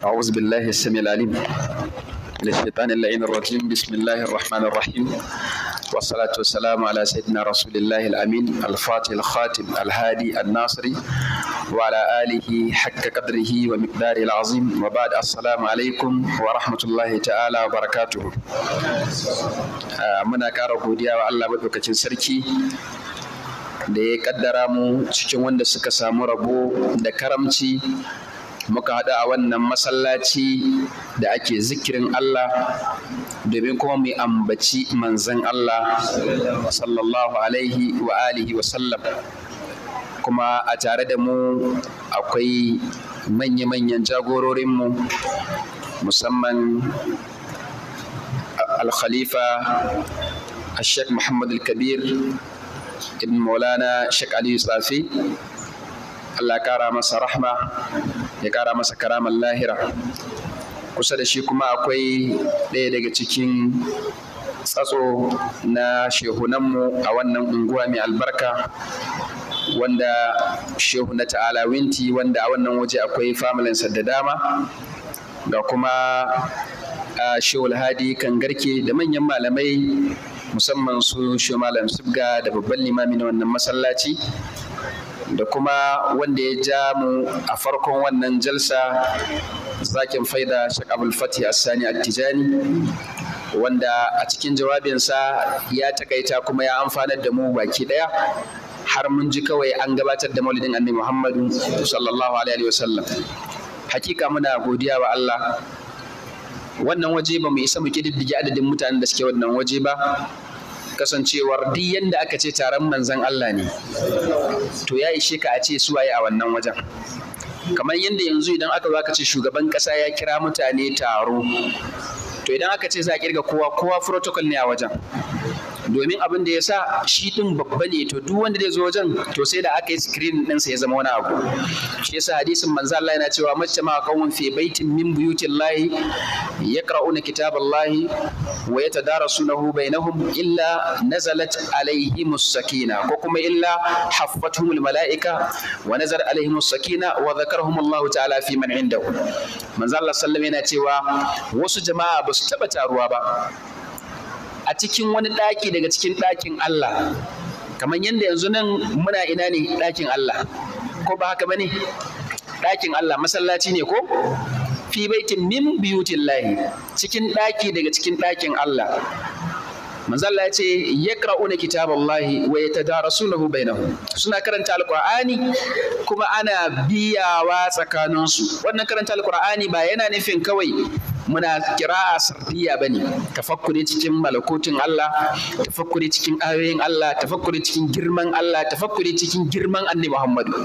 Speaker 4: أعوذ بالله السميع العليم من الشيطان اللعين الرجيم بسم الله الرحمن الرحيم والصلاة والسلام على سيدنا رسول الله الأمين الفاتح الخاتم الهادي الناصري وعلى آله حق قدره ومقداره العظيم وبعد السلام عليكم ورحمة الله تعالى وبركاته muna ƙara godiya wa Allah maɗaukacin sarki da ya kaddara mu cikin wanda suka samu rabo da karamci muka haɗu a wannan masallaci da ake zikirin Allah domin kuma mai ambaci manzan Allah sallallahu alaihi wa alihi wa sallam kuma a tare da mu akwai manya-manyan jagororinmu musamman al-khalifa al-sheikh muhammad al-kabir in maulana shek aliyu tsafi allah kara masa rahma ya kara masa karamar lahira kusa da shi kuma akwai ɗaya daga cikin tsatso na shehunanmu a wannan unguwa mai albarka wanda shehu na ta'ala winti wanda a wannan waje akwai familinsa da dama ga kuma ah, shehu alhadi kan garke da manyan malamai musamman su shi malam sibga da babban limami na wannan masallaci da kuma wanda ya ja mu a farkon wannan jalsa zakin faida shek abul a Sani tijani wanda a cikin jawabinsa ya takaita kuma ya amfanar da mu baki ɗaya. har mun ji kawai an gabatar da maulidin annabi muhammadu sallallahu alaihi wasallam hakika muna godiya wa allah wannan waje ba mu isa mu kididdige adadin mutanen da suke wannan waje ba kasancewar duk yadda aka ce taron manzan Allah ne to ya ishe ka a ce su waye a wannan wajen kamar yadda yanzu idan aka zaka ce shugaban kasa ya kira mutane taro to idan aka ce za a kirga kowa kowa protocol ne a wajen domin abin da ya sa shi din babba ne to duk wanda zai zo wajen to sai da aka yi screen ɗinsa ya zama wani abu shi yasa hadisin manzo Allah yana cewa majtama kaumun fi baitin min buyutillahi yaqra'una kitaballahi wa yatadarasunahu bainahum illa nazalat alaihimus sakina ko kuma illa haffatuhumul malaika wa nazar alaihimus sakina wa dhakarahum Allah ta'ala fi man indahu manzo Allah sallallahu alaihi wasallam yana cewa wasu jama'a ba su taba taruwa ba a cikin wani ɗaki daga cikin ɗakin Allah kamar yadda yanzu nan muna ina ne ɗakin Allah ko ba haka bane ɗakin Allah masallaci ne ko fi baitin min biyutin lahi cikin ɗaki daga cikin ɗakin Allah manzalla ya ce wai ta wa yatadarasunahu bainahum suna karanta Alƙur'ani kuma ana biyawa tsakaninsu wannan karanta Alƙur'ani ba yana nufin kawai muna kira kira'a sardiya bane tafakkuri cikin malakutin Allah tafakkuri cikin ayoyin Allah tafakkuri cikin girman Allah tafakkuri cikin girman Annabi Muhammadu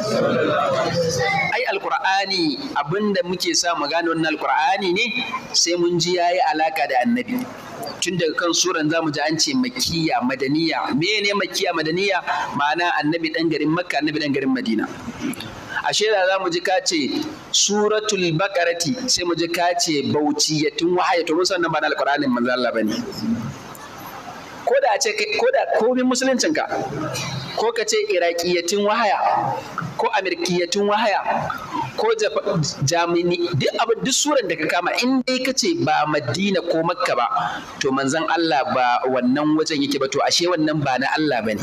Speaker 4: ai alqur'ani abinda muke sa mu gane wannan alqur'ani ne sai mun ji yayi alaka da Annabi tun daga kan suran zamu ji an ce makiya madaniya ne makiya madaniya ma'ana annabi dan garin makka annabi dan garin madina ashe da za mu ji kace ce suratul bakarati sai mu ji ka ce bauci yatin wahaya to mun san nan ba na alqur'anin manzo Allah bane ko da ce ko da komin musuluncinka ko ka ce iraqiyatin wahaya ko amirkiyatin wahaya ko jamini duk abin duk suran da ka kama in dai ka ce ba madina ko makka ba to manzon Allah ba wannan wajen yake ba to ashe wannan ba na Allah ba ne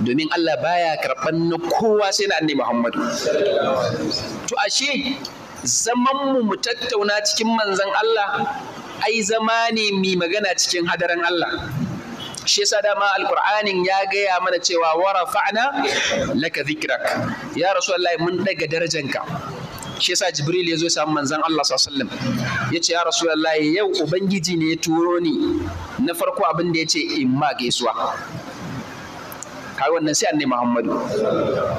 Speaker 4: domin Allah baya karɓan na kowa sai na annabi Muhammadu to ashe zaman mu mu tattauna cikin manzon Allah ai zama ne mai magana cikin hadaran Allah shi yasa dama alqur'anin ya gaya mana cewa wa rafa'na laka dhikrak ya rasulullahi mun daga darajanka shi yasa jibril ya zo samu manzon Allah sallallahu alaihi ya ce ya rasulullahi yau ubangiji ne ya turo ni na farko abin da ya ce in ma gaisuwa kai wannan sai annabi Muhammadu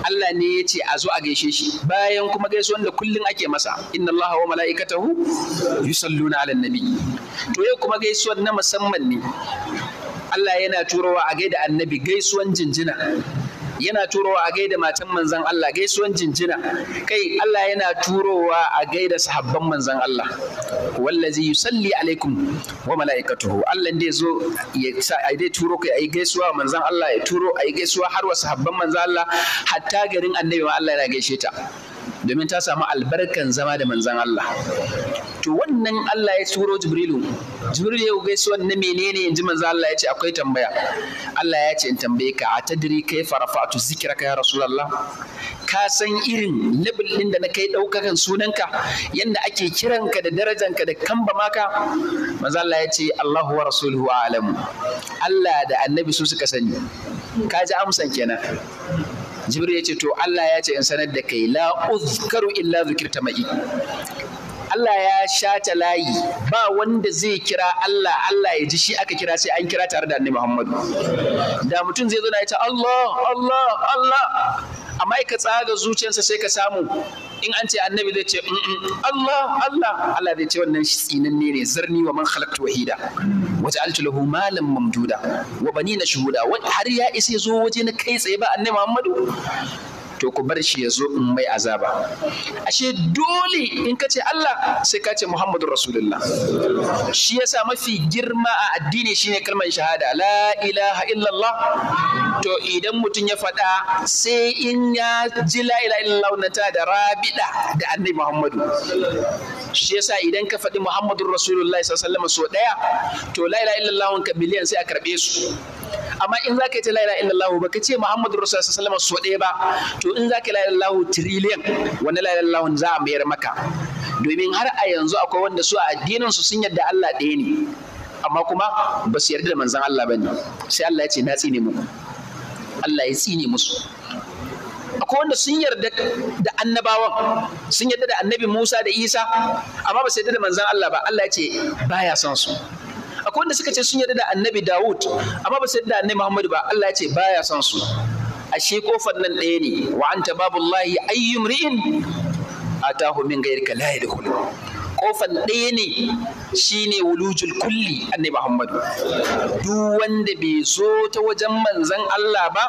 Speaker 4: Allah ne ya ce a zo a gaishe shi bayan kuma gaisuwan da kullun ake masa inna Allah wa mala'ikatahu yusalluna ala nabi to yau kuma gaisuwan na musamman ne Allah yana turowa a gaida annabi gaisuwan jinjina yana turowa a gaida matan manzan Allah gaisuwan jinjina kai Allah yana turowa a gaida sahabban manzan Allah wallazi yusalli alaikum wa malaikatuhu Allah dai zo ya sa ai dai turo kai ai gaisuwa manzan Allah ya turo ai gaisuwa har wa sahabban manzan Allah hatta garin annabi Allah yana gaishe ta domin ta samu albarkan zama da manzan Allah to wannan Allah ya turo Jibrilu Jibrilu ya gaisuwa na menene yanzu, manzan Allah ya ce akwai tambaya Allah ya ce in tambaye ka a tadiri kai farafatu zikira ya Rasulallah. ka san irin level ɗin da na kai ɗaukakan sunanka yadda ake kiranka da darajanka da kamba maka manzan Allah ya ce Allahu wa rasuluhu alamu Allah da annabi su suka sani ka ji amsan kenan jibril ya ce to Allah ya ce in sanar da kai la uzkaru illa zikirta ma'i Allah ya sha ta layi ba wanda zai kira Allah Allah ya ji shi aka kira sai an kira tare da Annabi Muhammadu da mutum zai zo na ita Allah Allah Allah amma ka tsaga zuciyarsa sai ka samu in an ce annabi zai ce mm, mm, Allah Allah Allah zai ce wannan shi tsinanne ne zarni wa man khalaqtu wahida wa ja'altu lahu malan mamduda wa banina shuhuda har ya isa zo waje na kai tsaye ba annabi Muhammadu to ku bar shi ya zo in mai azaba ashe dole in ka ce Allah sai ka ce Muhammadu Rasulullah shi yasa mafi girma a addini shine kalmar shahada la ilaha illallah to idan mutum ya faɗa sai in ya ji la ilaha illallah wannan ta da rabida da annabi Muhammadu shi yasa idan ka faɗi Muhammadu Rasulullah sallallahu so ɗaya to la ilaha illallah ka miliyan sai a karɓe su amma in za ka ce la ilaha illallah ba ka ce Muhammadu Rasulullah sallallahu alaihi so ɗaya ba to in ka la ilaha trillion wani la ilaha za a mayar maka domin har a yanzu akwai wanda su a addinin su sun yarda Allah ɗaya ne amma kuma ba su yarda da manzon Allah bane sai Allah ya ce na tsine muku Allah ya tsine musu akwai wanda sun yarda da annabawan sun yarda da annabi Musa da Isa amma ba su yarda da manzon Allah ba Allah ya ce baya son su akwai wanda suka ce sun yarda da annabi Dawud amma ba su yarda da annabi Muhammadu ba Allah ya ce baya son su ashe kofar nan ɗaya ne wa anta babullahi ayyumri'in atahu min ghayrika la yadkhulu kofar ɗaya ne shine wulujul kulli annabi Muhammadu duk wanda bai zo ta wajen manzan Allah ba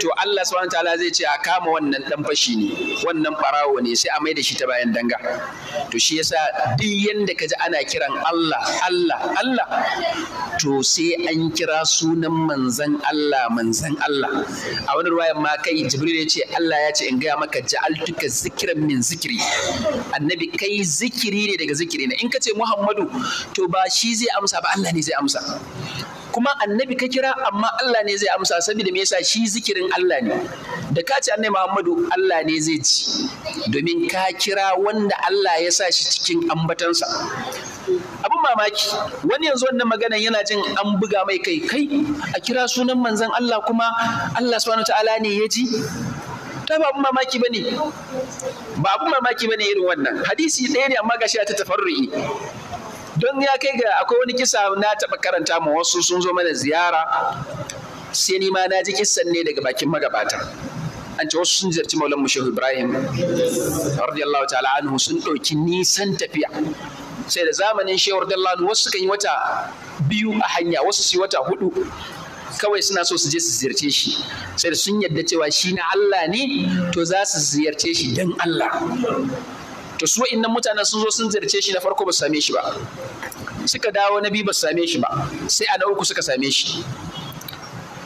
Speaker 4: to Allah subhanahu ta'ala zai ce a kama wannan dan fashi ne wannan barawo ne sai a mai da shi ta bayan danga to shi yasa duk yanda ka ji ana kiran Allah Allah Allah to sai an kira sunan manzan Allah manzan Allah a wani ruwayan ma kai Jibril ya ce Allah ya ce in gaya maka ja'altuka zikran min zikiri annabi kai zikiri ne da daga zikiri na in ka ce Muhammadu to ba shi zai amsa ba Allah ne zai amsa kuma annabi ka kira amma Allah ne zai amsa saboda me yasa shi zikirin Allah ne da ka ce annabi Muhammadu Allah ne zai ci domin ka kira wanda Allah ya sa shi cikin ambatansa abin mamaki wani yanzu wannan magana yana jin an buga mai kai kai a kira sunan manzon Allah kuma Allah subhanahu wataala ne ya ji ai ba abun mamaki ne ba abun mamaki ba ne irin wannan hadisi ɗaya ne amma gashi ta tafarru'i don ya kai ga akwai wani kisa na taɓa karanta ma wasu sun zo mana ziyara sai ni ma na ji kisan ne daga bakin magabata an ce wasu sun ziyarci maulan mu shehu ibrahim radiyallahu ta'ala anhu sun ɗauki nisan tafiya sai da zamanin shehu radiyallahu wasu kan yi wata biyu a hanya wasu su yi wata hudu kawai suna so su je su ziyarce shi sai da sun yadda cewa shi na Allah ne to za su ziyarce shi dan Allah to su wa'innan mutanen sun zo sun ziyarce shi na farko ba su same shi ba suka dawo na biyu ba su same shi ba sai a na uku suka same shi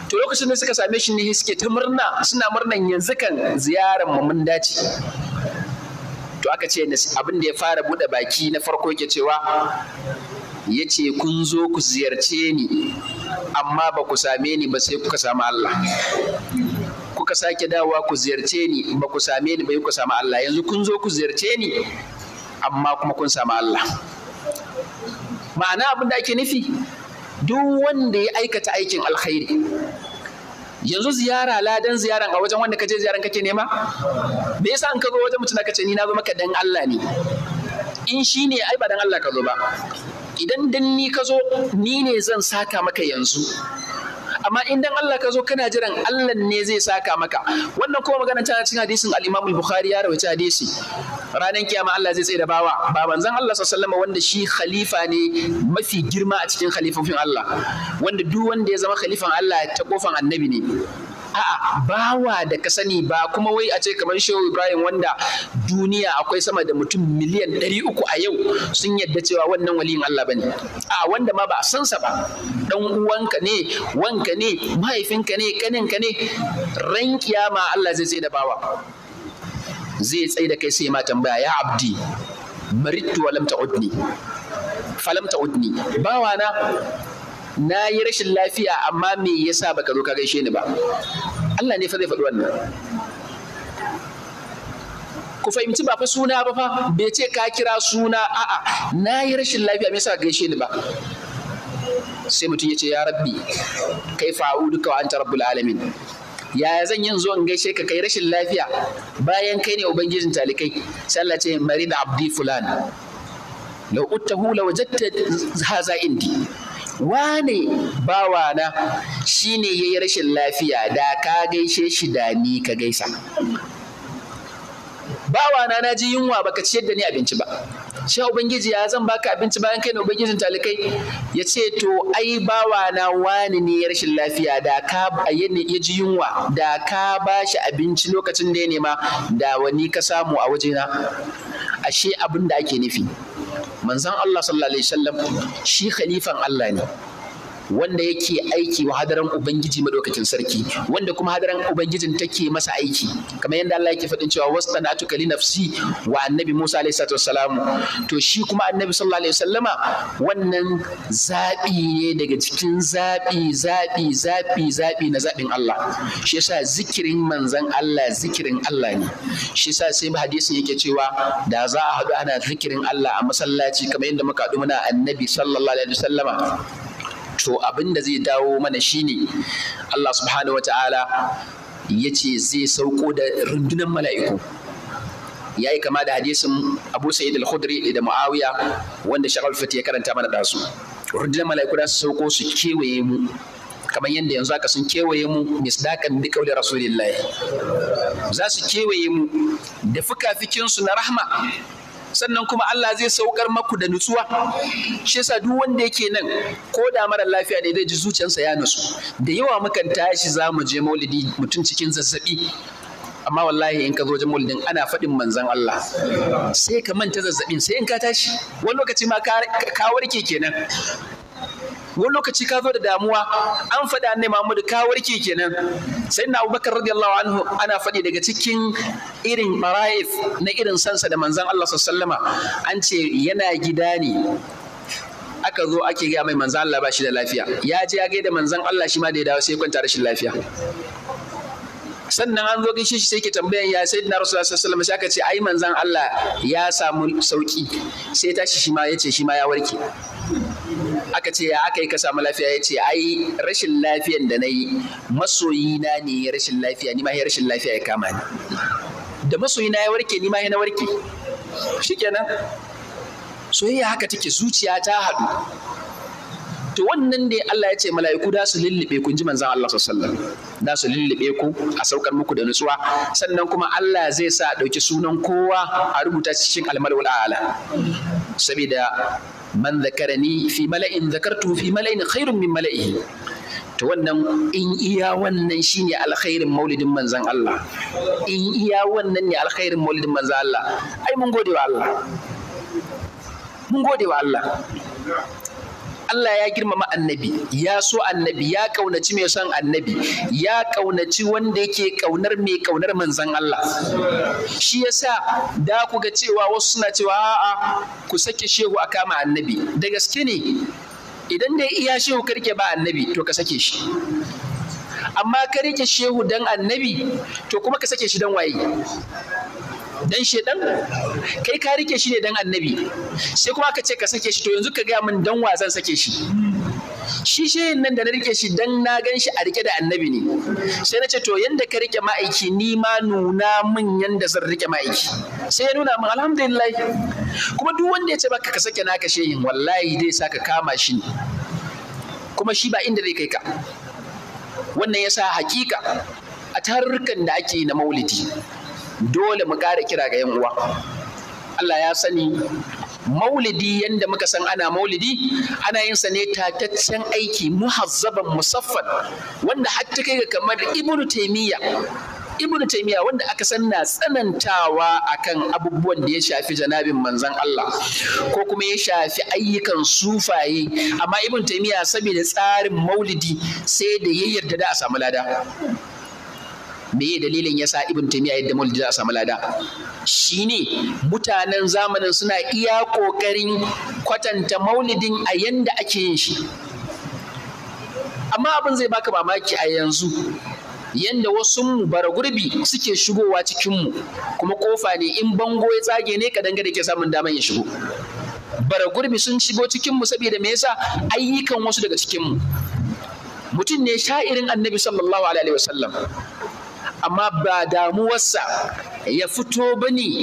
Speaker 4: to lokacin da suka same shi ne suke ta murna suna murnan yanzu kan ziyarar mun dace to aka ce abin da ya fara bude baki na farko yake cewa ya ce kun zo ku ziyarce ni amma ba ku same ni ba sai kuka samu Allah kuka sake dawowa ku ziyarce ni ba ku same ni ba ku samu Allah yanzu kun zo ku ziyarce ni amma kuma kun samu Allah ma'ana abin da ake nufi duk wanda ya aikata aikin alkhairi yanzu ziyara ladan ziyaran a wajen wanda kaje ziyaran kake nema me yasa in ka zo wajen mutum kace ni na zo maka dan Allah ne in shi ne ai ba dan Allah ka zo ba idan dan ni ka zo ni ne zan saka maka yanzu amma idan Allah ka zo kana jiran Allah ne zai saka maka wannan kuma magana ta cikin hadisin al-Imam al-Bukhari ya rawaita hadisi ranar kiyama Allah zai tsaye da bawa ba manzon Allah sallallahu alaihi wanda shi khalifa ne mafi girma a cikin khalifofin Allah wanda duk wanda ya zama khalifan Allah ta kofan annabi ne a'a bawa da ka sani ba kuma wai a ce kamar shehu ibrahim wanda duniya akwai sama da mutum miliyan ɗari uku a yau sun yadda cewa wannan waliyin allah ne. a wanda ma ba a sansa ba dan uwanka ne wanka ne mahaifinka ne kaninka ne ran kiyama allah zai tsaye da bawa zai tsaye da kai sai ma tambaya ya abdi maritu walam ta'udni falam ta'udni na. na yi rashin lafiya amma me yasa baka zo ka gaishe ni ba Allah ne fa zai faɗi wannan ku fahimci ba fa suna ba fa bai ce ka kira suna a'a na yi rashin lafiya me yasa gaishe ni ba sai mutum ya ce ya rabbi kai fa'u duka wa anta rabbul alamin yaya zan yin zuwan gaishe ka kai rashin lafiya bayan kai ne ubangijin talikai sai Allah ce marida abdi fulan law uttahu lawajadta haza indi wane bawana shine yayi rashin lafiya da ka gaishe shi da ni ka gaisa bawana na ji yunwa baka ciyar da ni abinci ba sha ubangiji ya zan baka abinci bayan kai na ubangijin talikai ya ce to ai bawana wani ne ya rashin lafiya da ka ya ji yunwa da ka ba shi abinci lokacin da ya nema da wani ka samu a wajena ashe abin da ake nufi manzon Allah sallallahu alaihi wasallam shi khalifan Allah ne wanda yake aiki wa hadaran ubangiji madaukakin sarki wanda kuma hadaran ubangijin take masa aiki kamar yadda Allah yake faɗin cewa wastana'atuka li nafsi wa annabi Musa alaihi salatu to shi kuma annabi sallallahu alaihi wasallama wannan zabi ne daga cikin zaɓi zaɓi zabi zabi na zabin Allah shi yasa zikirin manzon Allah zikirin Allah ne shi yasa sai hadisin yake cewa da za a haɗu ana zikirin Allah a masallaci kamar yadda muka hadu muna annabi sallallahu alaihi wasallama to abin da zai dawo mana shine Allah subhanahu Ta'ala ya ce zai sauko da rundunar mala'iku ya yi kama da hadisin abu Sayyid al-khudri da muawiya wanda shagal fati ya karanta mana dasu rundunar mala'iku da su sauko su kewaye mu kamar yadda yanzu aka sun kewaye mu misdakan bi da rasulillah. za su kewaye mu da fikafikinsu na rahma sannan kuma Allah zai saukar maku da nutsuwa shi yasa duk wanda yake nan ko da mara lafiya ne zai ji zuciyarsa ya nutsu da yawa mukan tashi za mu je maulidi mutum cikin zazzabi amma wallahi in ka zo wajen maulidin ana faɗin manzon Allah sai ka manta zazzabin sai in ka tashi wani lokaci ma ka warke kenan wani lokaci ka zo da damuwa an faɗi annai Muhammadu kawar ke kenan sai na Abubakar radiyallahu anhu ana faɗi daga cikin irin bara'if na irin sansa da manzan Allah Sallama. an ce yana gida ne aka zo ake gaya mai manzan Allah ba shi da lafiya ya je ya gaida manzan Allah shi ma da ya dawo sai kwanta rashin lafiya sannan an zo gaishe shi sai ke tambayan ya sai na rasulullah sallallahu alaihi wasallam sai aka ce ai manzon Allah ya samu sauki sai tashi shi ma yace shi ma ya warke aka ce ya aka yi ka samu lafiya ya ce ai rashin lafiyan da na yi masoyina ne rashin lafiya ni ma ya rashin lafiya ya kama ni da masoyina ya warke ni ma ya na warke shikenan soyayya haka take zuciya ta haɗu to wannan da Allah ya ce mala'iku da su lullube ku ji manzon Allah sallallahu alaihi wasallam da su lullube ku a saukar muku da nutsuwa sannan kuma Allah zai sa dauki sunan kowa a rubuta cikin almalul a'la saboda man zakarani fi mala'in zakartu fi mala'in khairun min mala'i. to wannan in iya wannan shine alkhairin maulidin manzan Allah in iya wannan ne alkhairin maulidin manzan Allah ai mun gode wa Allah mun gode wa Allah Allah ya girmama annabi ya so annabi ya kaunaci mai son annabi ya kaunaci wanda yake kaunar mai kaunar manzan Allah shi yasa da ku ga cewa wasu suna cewa a'a ku sake shehu a kama annabi da gaske ne idan dai iya shehu karke ba annabi to ka sake shi amma ka rike shehu dan annabi to kuma ka sake shi dan waye dan shedan kai ka rike shi ne dan annabi sai kuma ka ce ka sake shi to yanzu ka gaya min dan wa zan sake shi shi shehin nan da na rike shi dan na gan shi a rike da annabi ne sai na ce to yanda ka rike ma'aiki ni ma nuna min yanda zan rike ma'aiki sai ya nuna min alhamdulillah kuma duk wanda ya ce baka ka sake naka shehin wallahi zai saka kama shi ne kuma shi ba inda zai kai ka wannan yasa hakika a tarurrukan da ake na maulidi dole mu ƙara kira ga yan uwa Allah ya sani maulidi yanda muka san ana maulidi ana yin sa ne tataccen aiki muhazzaban musaffan wanda har ta kai ga kamar ibnu taymiya ibnu taymiya wanda aka san na tsanantawa akan abubuwan da ya shafi janabin manzon Allah ko kuma ya shafi ayyukan sufaye amma ibnu taymiya saboda tsarin maulidi sai da ya yarda da a samu lada me dalilin yasa ibn taymiya yadda maulidi za a samu lada shine mutanen zamanin suna iya kokarin kwatanta maulidin a yanda ake yin shi amma abin zai baka mamaki a yanzu yanda wasu mu bara gurbi suke shigowa cikinmu kuma kofa ne in bango ya tsage ne ka dangane ke samun damar ya shigo bara gurbi sun shigo cikinmu mu saboda me yasa ayyukan wasu daga cikin mu mutum ne sha'irin annabi sallallahu alaihi wasallam amma ba damuwarsa ya fito ba ne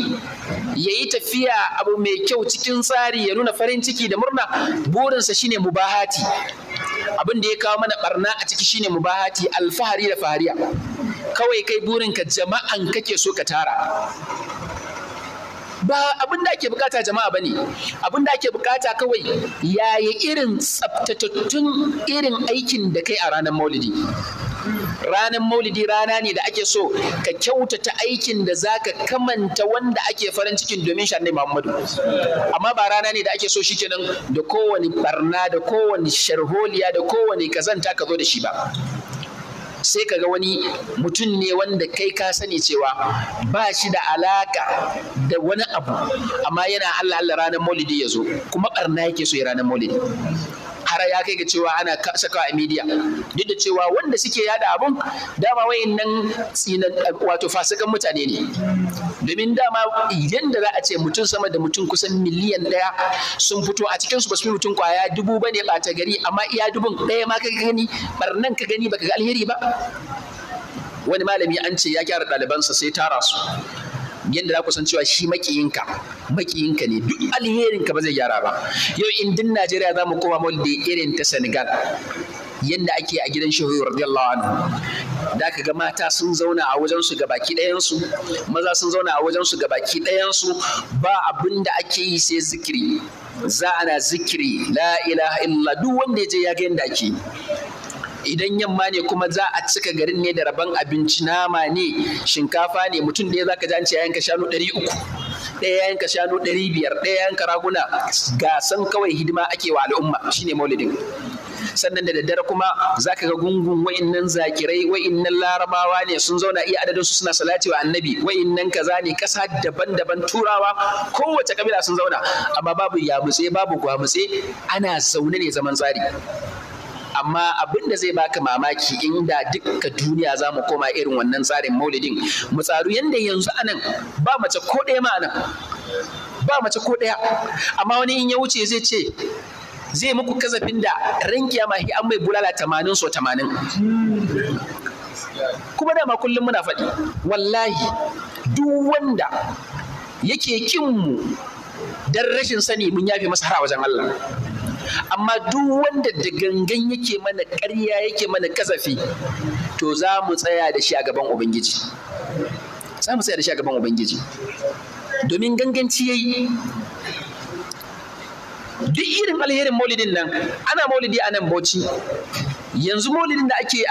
Speaker 4: ya yi tafiya abu mai kyau cikin tsari ya nuna farin ciki da murna burinsa shine mubahati abin da ya kawo mana barna a ciki shine mubahati alfahari da fahariya kawai kai burinka jama'an kake so ka tara ba abin da ake bukata jama'a ba ne, abin da ake bukata kawai yayi irin tsaftatattun irin aikin da kai a ranar maulidi ranar maulidi rana ne da ake so ka kyautata aikin da za ka kamanta wanda ake farin cikin domin ne Muhammadu amma ba rana ne da ake so shikenan da kowane barna da kowane sharholiya da kowane kazanta ka zo da shi ba sai ka ga wani mutum ne wanda kai ka sani cewa ba shi da alaka da wani abu amma yana Allah Allah ranar maulidi ya zo kuma barna yake so ya ranar maulidi har ya kai ga cewa ana sakawa a media duk da cewa wanda suke yada abun dama wayannan tsinan wato fasikan mutane ne domin dama yanda za a ce mutum sama da mutum kusan miliyan daya sun fito a cikin su basu mutum kwaya dubu bane bata gari amma iya dubun daya ma ka gani barnan ka gani baka ga alheri ba wani malami an ce ya kyara ɗalibansa sai tara su yadda za ku san cewa shi makiyinka makiyinka ne duk alherinka ba zai gyara ba yau in din najeriya za mu koma da irin ta senegal yadda ake a gidan shehu radiyallahu anhu da ka ga mata sun zauna a wajen su gabaki ɗayansu maza sun zauna a wajen su gabaki ɗayansu ba abin da ake yi sai zikiri za ana zikiri la ilaha illa duk wanda ya je ya ga yadda ake idan yamma ne kuma za a cika garin ne da rabon abinci nama ne shinkafa ne mutum ɗaya zaka ji an ce ya yanka shanu ɗari uku ɗaya ya yanka shanu ɗari biyar ɗaya ya yanka raguna gasan kawai hidima ake wa al'umma shine maulidin sannan da daddare kuma za ka ga gungun wa'innan zakirai wa'innan larabawa ne sun zauna iya adadin su suna salati wa annabi wa'innan kaza ne kasa daban-daban turawa kowace kabila sun zauna amma babu yamutse babu gwamutse ana zaune ne zaman tsari amma abin da zai baka mamaki inda duka duniya za mu koma irin wannan tsarin maulidin mu tsaru yanda yanzu anan ba mace ko ɗaya ma anan ba mace ko ɗaya amma wani in ya wuce zai ce zai muku kazafin da ran kiyama an mai bulala tamanin so tamanin kuma dama kullum muna faɗi wallahi duk wanda yake kinmu don rashin sani mun yafe masa har a wajen Allah amma duk wanda da gangan yake mana ƙarya yake mana kasafi to za mu tsaya da shi a gaban ubangiji za mu tsaya da shi a gaban ubangiji domin ganganci yayi duk irin alherin maulidin nan ana maulidi a nan bauchi yanzu maulidin da ake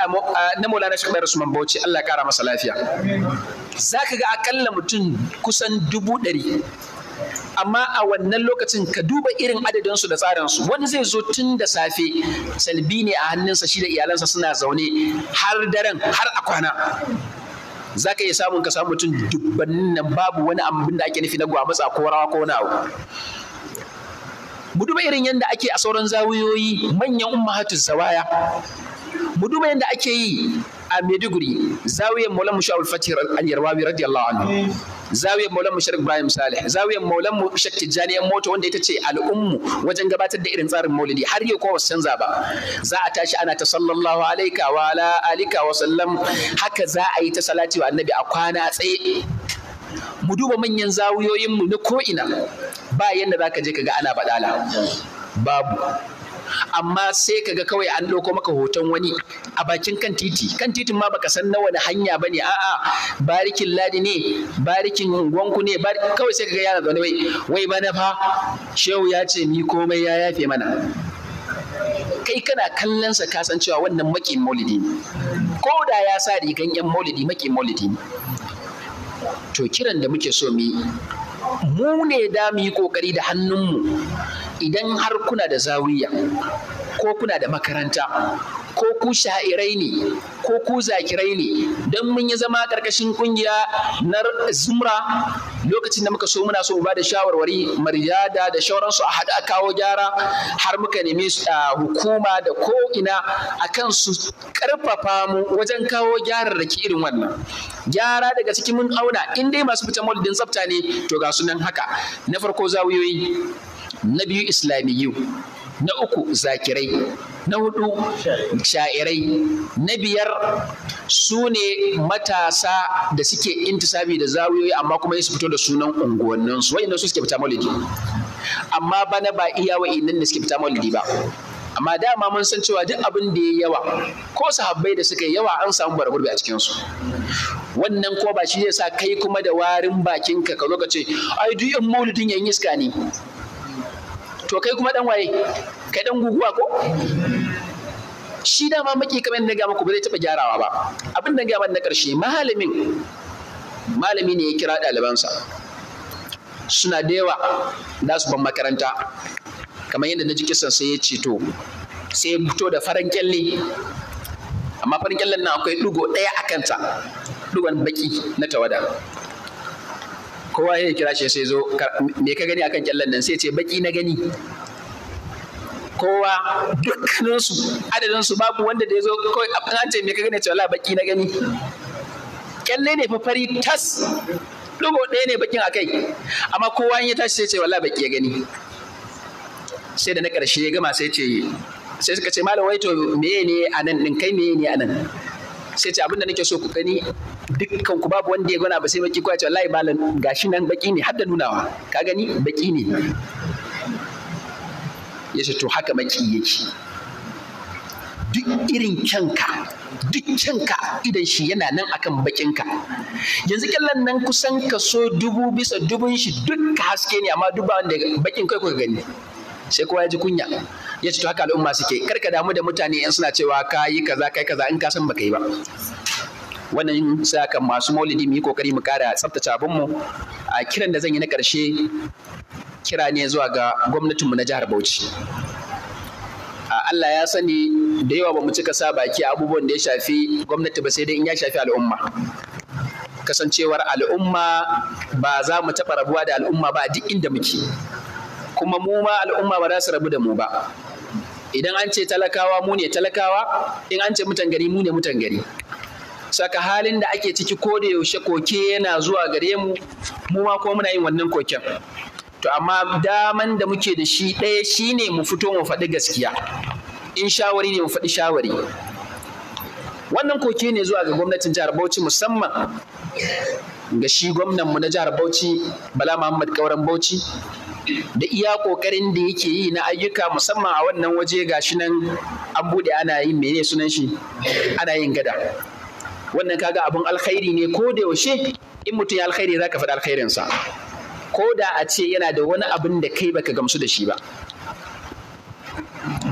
Speaker 4: na maulana shi man bauchi allah kara masa lafiya za ka ga akalla mutum kusan dubu ɗari amma a wannan lokacin ka duba irin adadin da tsarinsu. wani zai zo tun da safe salbi ne a hannunsa shi da iyalansa suna zaune har daren har a kwana za ka iya samun ka samu mutum dubbannin nan babu wani abin da ake nufi na gwamutsa ko rawa ko wani mu duba irin yadda ake a sauran zawiyoyi manyan ummahatus zawaya mu duba yadda ake yi a Maiduguri zawiyan Maulan Mushar Al-Fatih Al-Yarwawi radiyallahu anhu zawiyan Maulan Mushar Ibrahim Saleh zawiyan Maulan Mushar Tijjani Moto wanda ita ce al'ummu wajen gabatar da irin tsarin Maulidi har yau ko wasu canza ba za a tashi ana ta sallallahu alaika wa ala alika wa sallam haka za a yi ta salati wa annabi a kwana tsaye mu duba manyan zawiyoyinmu na ko'ina ba yadda za ka je ka ga ana badala babu amma sai kaga kawai an ɗauko maka hoton wani a bakin kan titi kan titin ma baka san na wani hanya ba ne a'a barikin ladi ne barikin gwanku ne kawai sai kaga yana zaune wai bana fa shehu ya ce ni komai ya yafe mana kai kana kallonsa sa ka san cewa wannan maki maulidi ne ko da ya sa rigan yan maulidi maki maulidi ne to kiran da muke so mu mu ne da mu yi kokari da hannunmu idan har kuna da zawiya ko kuna da makaranta ko ku sha'irai ne ko ku zakirai ne don mun yi zama ƙarƙashin ƙungiya na zumra lokacin da muka so muna so ba da shawarwari maryada da shauransu a haɗa kawo gyara har muka nemi hukuma da koina a kan su karfafa mu wajen kawo da gyararraki irin wannan gyara daga cikin mun auna in dai masu fita maldin tsafta ne to ga sunan haka na farko zawiyoyi na biyu islamiyu na uku zakirai na hudu sha'irai na biyar su ne matasa da suke intisabi da zawiyoyi amma kuma su fito da sunan unguwanninsu Wani su suke fita maulidi amma bana ba iya wa'innan da suke fita maulidi ba amma dama mun san cewa duk abin da ya yawa ko su sahabbai da suka yi yawa an samu bara gurbi a cikinsu wannan ko ba shi zai sa kai kuma da warin bakinka ka zo ka ce ai duk yan maulidin yan iska ne to kai kuma dan waye kai dan guguwa ko shi dama maki kamar na gaya muku ba zai taɓa gyarawa ba abin da gaya na ƙarshe malamin malami ne ya kira ɗalibansa suna da yawa da su ban makaranta kamar yadda na ji kisan sai ya ceto sai ya fito da farin kyalle amma farin kyallen nan akwai ɗigo ɗaya a kanta ɗigon baki na tawada kowa ya kira shi sai zo me ka gani akan kyallan nan sai ce baki na gani kowa dukkaninsu su babu wanda da ya zo kawai an ce me ka gani ce wala baki na gani kyalle ne fa fari tas dubo ɗaya ne bakin a kai amma kowa in ya tashi sai ce wallahi baki ya gani sai da na ƙarshe ya gama sai ce sai suka ce malam wai to meye ne a nan kai meye ne a nan sai ce abin da nake so ku gani dukkan ku babu wanda ya gwana ba sai baki kwa cewa ce wallahi malam gashi nan baki ne har da nunawa ka gani baki ne Ya ce to haka baki yake duk irin kyanka duk kyanka idan shi yana nan akan bakinka yanzu kyallan nan kusan kaso dubu bisa dubun shi duk haske ne amma duba wanda bakin kai kuka gani sai kowa ya ji kunya ya ce to haka al'umma suke karka damu da mutane yan suna cewa ka yi kaza kai kaza in ka san baka yi ba wannan aka masu maulidi mu yi kokari mu kara tsaftace mu a kiran da zan yi na ƙarshe kira ne zuwa ga gwamnatinmu na jihar Bauchi Allah ya sani da yawa bamu mu cika sa baki abubuwan da ya shafi gwamnati ba sai dai in ya shafi al'umma kasancewar al'umma ba za mu taɓa rabuwa da al'umma ba duk inda muke kuma mu ma al'umma ba za su rabu da mu ba idan an ce talakawa mu ne talakawa in an ce mutan gari mu ne mutan gari saka halin da ake ciki ko da yaushe koke yana zuwa gare mu mu ma ko muna yin wannan koken to amma daman da muke da shi ɗaya shine mu fito mu faɗi gaskiya in shawari ne mu faɗi shawari wannan koke ne zuwa ga gwamnatin jihar Bauchi musamman ga shi gwamnan mu na jihar Bauchi Bala Muhammad Kauran Bauchi da iya kokarin da yake yi na ayyuka musamman a wannan waje gashi nan an bude ana yin mene sunan shi ana yin gada wannan kaga abin alkhairi ne ko da yaushe in mutum ya alkhairi za ka faɗi alkhairinsa ko da a ce yana da wani abin da kai baka gamsu da shi ba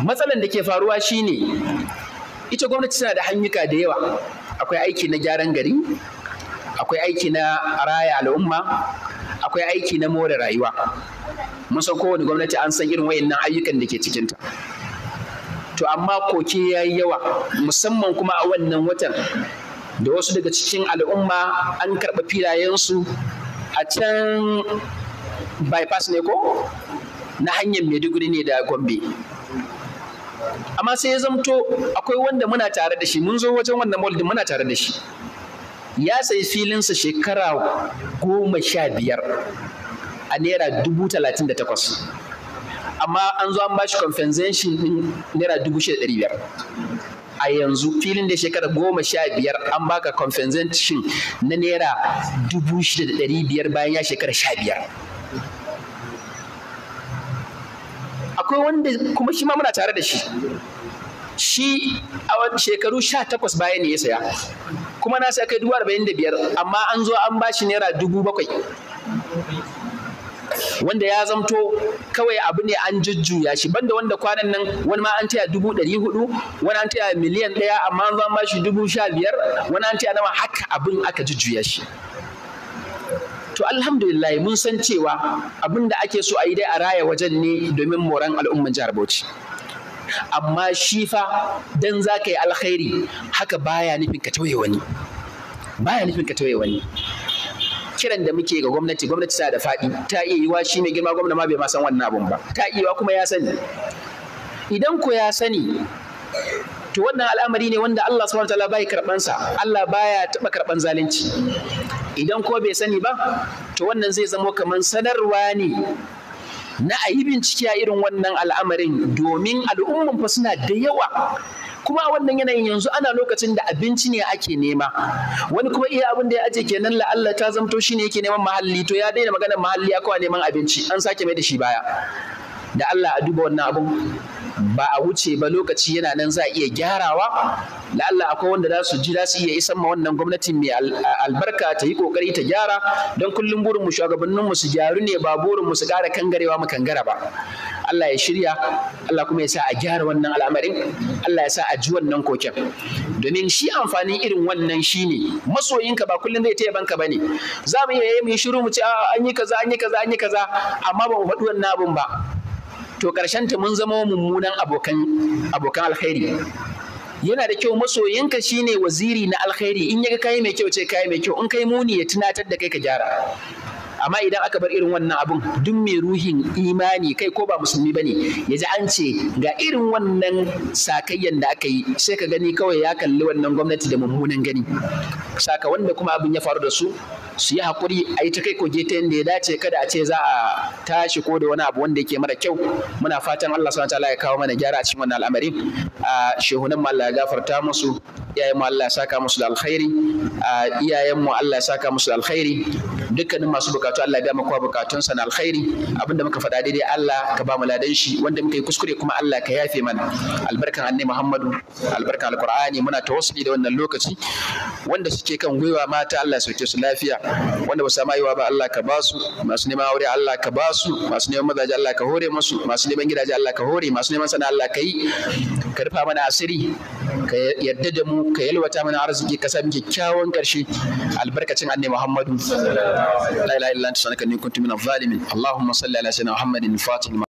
Speaker 4: matsalan da ke faruwa shine ita gwamnati tana da hanyuka da yawa akwai aiki na gyaran gari akwai aiki na raya al'umma akwai aiki na more rayuwa mun san kowane gwamnati an san irin wayannan ayyukan da ke cikinta to amma koke ya yi yawa musamman kuma a wannan watan da wasu daga cikin al'umma an karɓa filayensu a can bypass ne ko na hanyar maiduguri ne da gombe amma sai ya zamto akwai wanda muna tare da shi mun zo wajen wannan maulidin muna tare da shi ya sayi filinsa shekara goma sha biyar a naira dubu talatin da takwas amma an zo an ba shi compensation din naira dubu shida ɗari biyar a yanzu filin da shekara goma sha biyar an baka compensation na naira dubu shida da ɗari biyar bayan ya shekara sha biyar akwai wanda kuma shi ma muna tare da shi shi a wani shekaru sha takwas bayan ne ya saya kuma na sa kai dubu arba'in da biyar amma an zo an ba shi naira dubu bakwai wanda ya zamto kawai abu ne an jujjuya shi banda wanda kwanan nan wani ma an taya dubu ɗari hudu wani an taya miliyan ɗaya amma an zama shi dubu sha biyar wani an taya nama haka abin aka jujjuya shi to alhamdulillah mun san cewa abin da ake so a yi dai a raya wajen ne domin moran al'umman jihar Bauchi amma shi fa dan za ka yi alkhairi haka baya nufin ka tauye wani baya nufin ka tauye wani kiran da muke ga gwamnati gwamnati ta da faɗi ta iya yiwa shi mai girma gwamna ma bai ma san wannan abun ba ta iya yiwa kuma ya sani idan ko ya sani to wannan al'amari ne wanda Allah subhanahu wataala bai karban sa Allah baya taba karban zalunci idan ko bai sani ba to wannan zai zama kamar sanarwa ne na a yi bincike a irin wannan al'amarin domin al'umman fa suna da yawa kuma a wannan yanayin yanzu ana lokacin da abinci ne ake nema wani kuma iya abin da ya ajiye kenan la'alla ta zamto shine yake neman mahalli to ya daina maganar mahalli ya kowa neman abinci an sake mai da shi baya da Allah a duba wannan abun ba a wuce ba lokaci yana nan za a iya gyarawa la'alla akwai wanda za su ji za su iya isan ma wannan gwamnatin mai albarka ta yi kokari ta gyara don kullum burin mu shugabannin mu su gyaru ne ba burin mu su ƙara kangarewa mu kangara ba Allah ya shirya Allah kuma ya sa a gyara wannan al'amarin Allah ya sa a ji wannan koken domin shi amfanin irin wannan shine masoyinka ba kullum zai taya banka bane za mu iya yi mu shiru mu ce an yi kaza an yi kaza an yi kaza amma ba mu faɗi wannan abun ba to ƙarshen ta mun zama mummunan abokan abokan alkhairi yana da kyau masoyinka shine waziri na alkhairi in yaga kai mai kyau ce kai mai kyau in kai muni ya tunatar da kai ka gyara amma idan aka bar irin wannan abun duk mai ruhin imani kai ko ba musulmi bane ya ji an ce ga irin wannan sakayyan da aka yi sai ka gani kawai ya kalli wannan gwamnati da mummunan gani saka wanda kuma abin ya faru da su su yi hakuri a yi ta kai ko ta yadda ya dace kada a ce za a tashi ko da wani abu wanda yake mara kyau muna fatan Allah subhanahu wataala ya kawo mana gyara a cikin wannan al'amari a shehunan mu Allah ya gafarta musu iyayen mu Allah ya saka musu da alkhairi a iyayen mu Allah ya saka musu da alkhairi dukkanin masu bukatu wato Allah ya biya maka bukatunsa na alkhairi abinda muka faɗa daidai Allah ka ba mu ladan shi wanda muka yi kuskure kuma Allah ka yafe mana albarkan annabi Muhammadu albarkan alqur'ani muna tawassuli da wannan lokaci wanda suke kan gwiwa mata Allah sauke su lafiya wanda ba su samu aiwa ba Allah ka ba su masu neman aure Allah ka ba su masu neman mazaje Allah ka hore musu masu neman gidaje Allah ka hore masu neman sana Allah ka yi ka rufa mana asiri ka yarda da mu ka yalwata mana arziki ka sa mu kyakkyawan karshe albarkacin annabi Muhammadu la ilaha lantisani ka nin kuntumina valimin allahumma salli ala sayyidina muhammadin fatima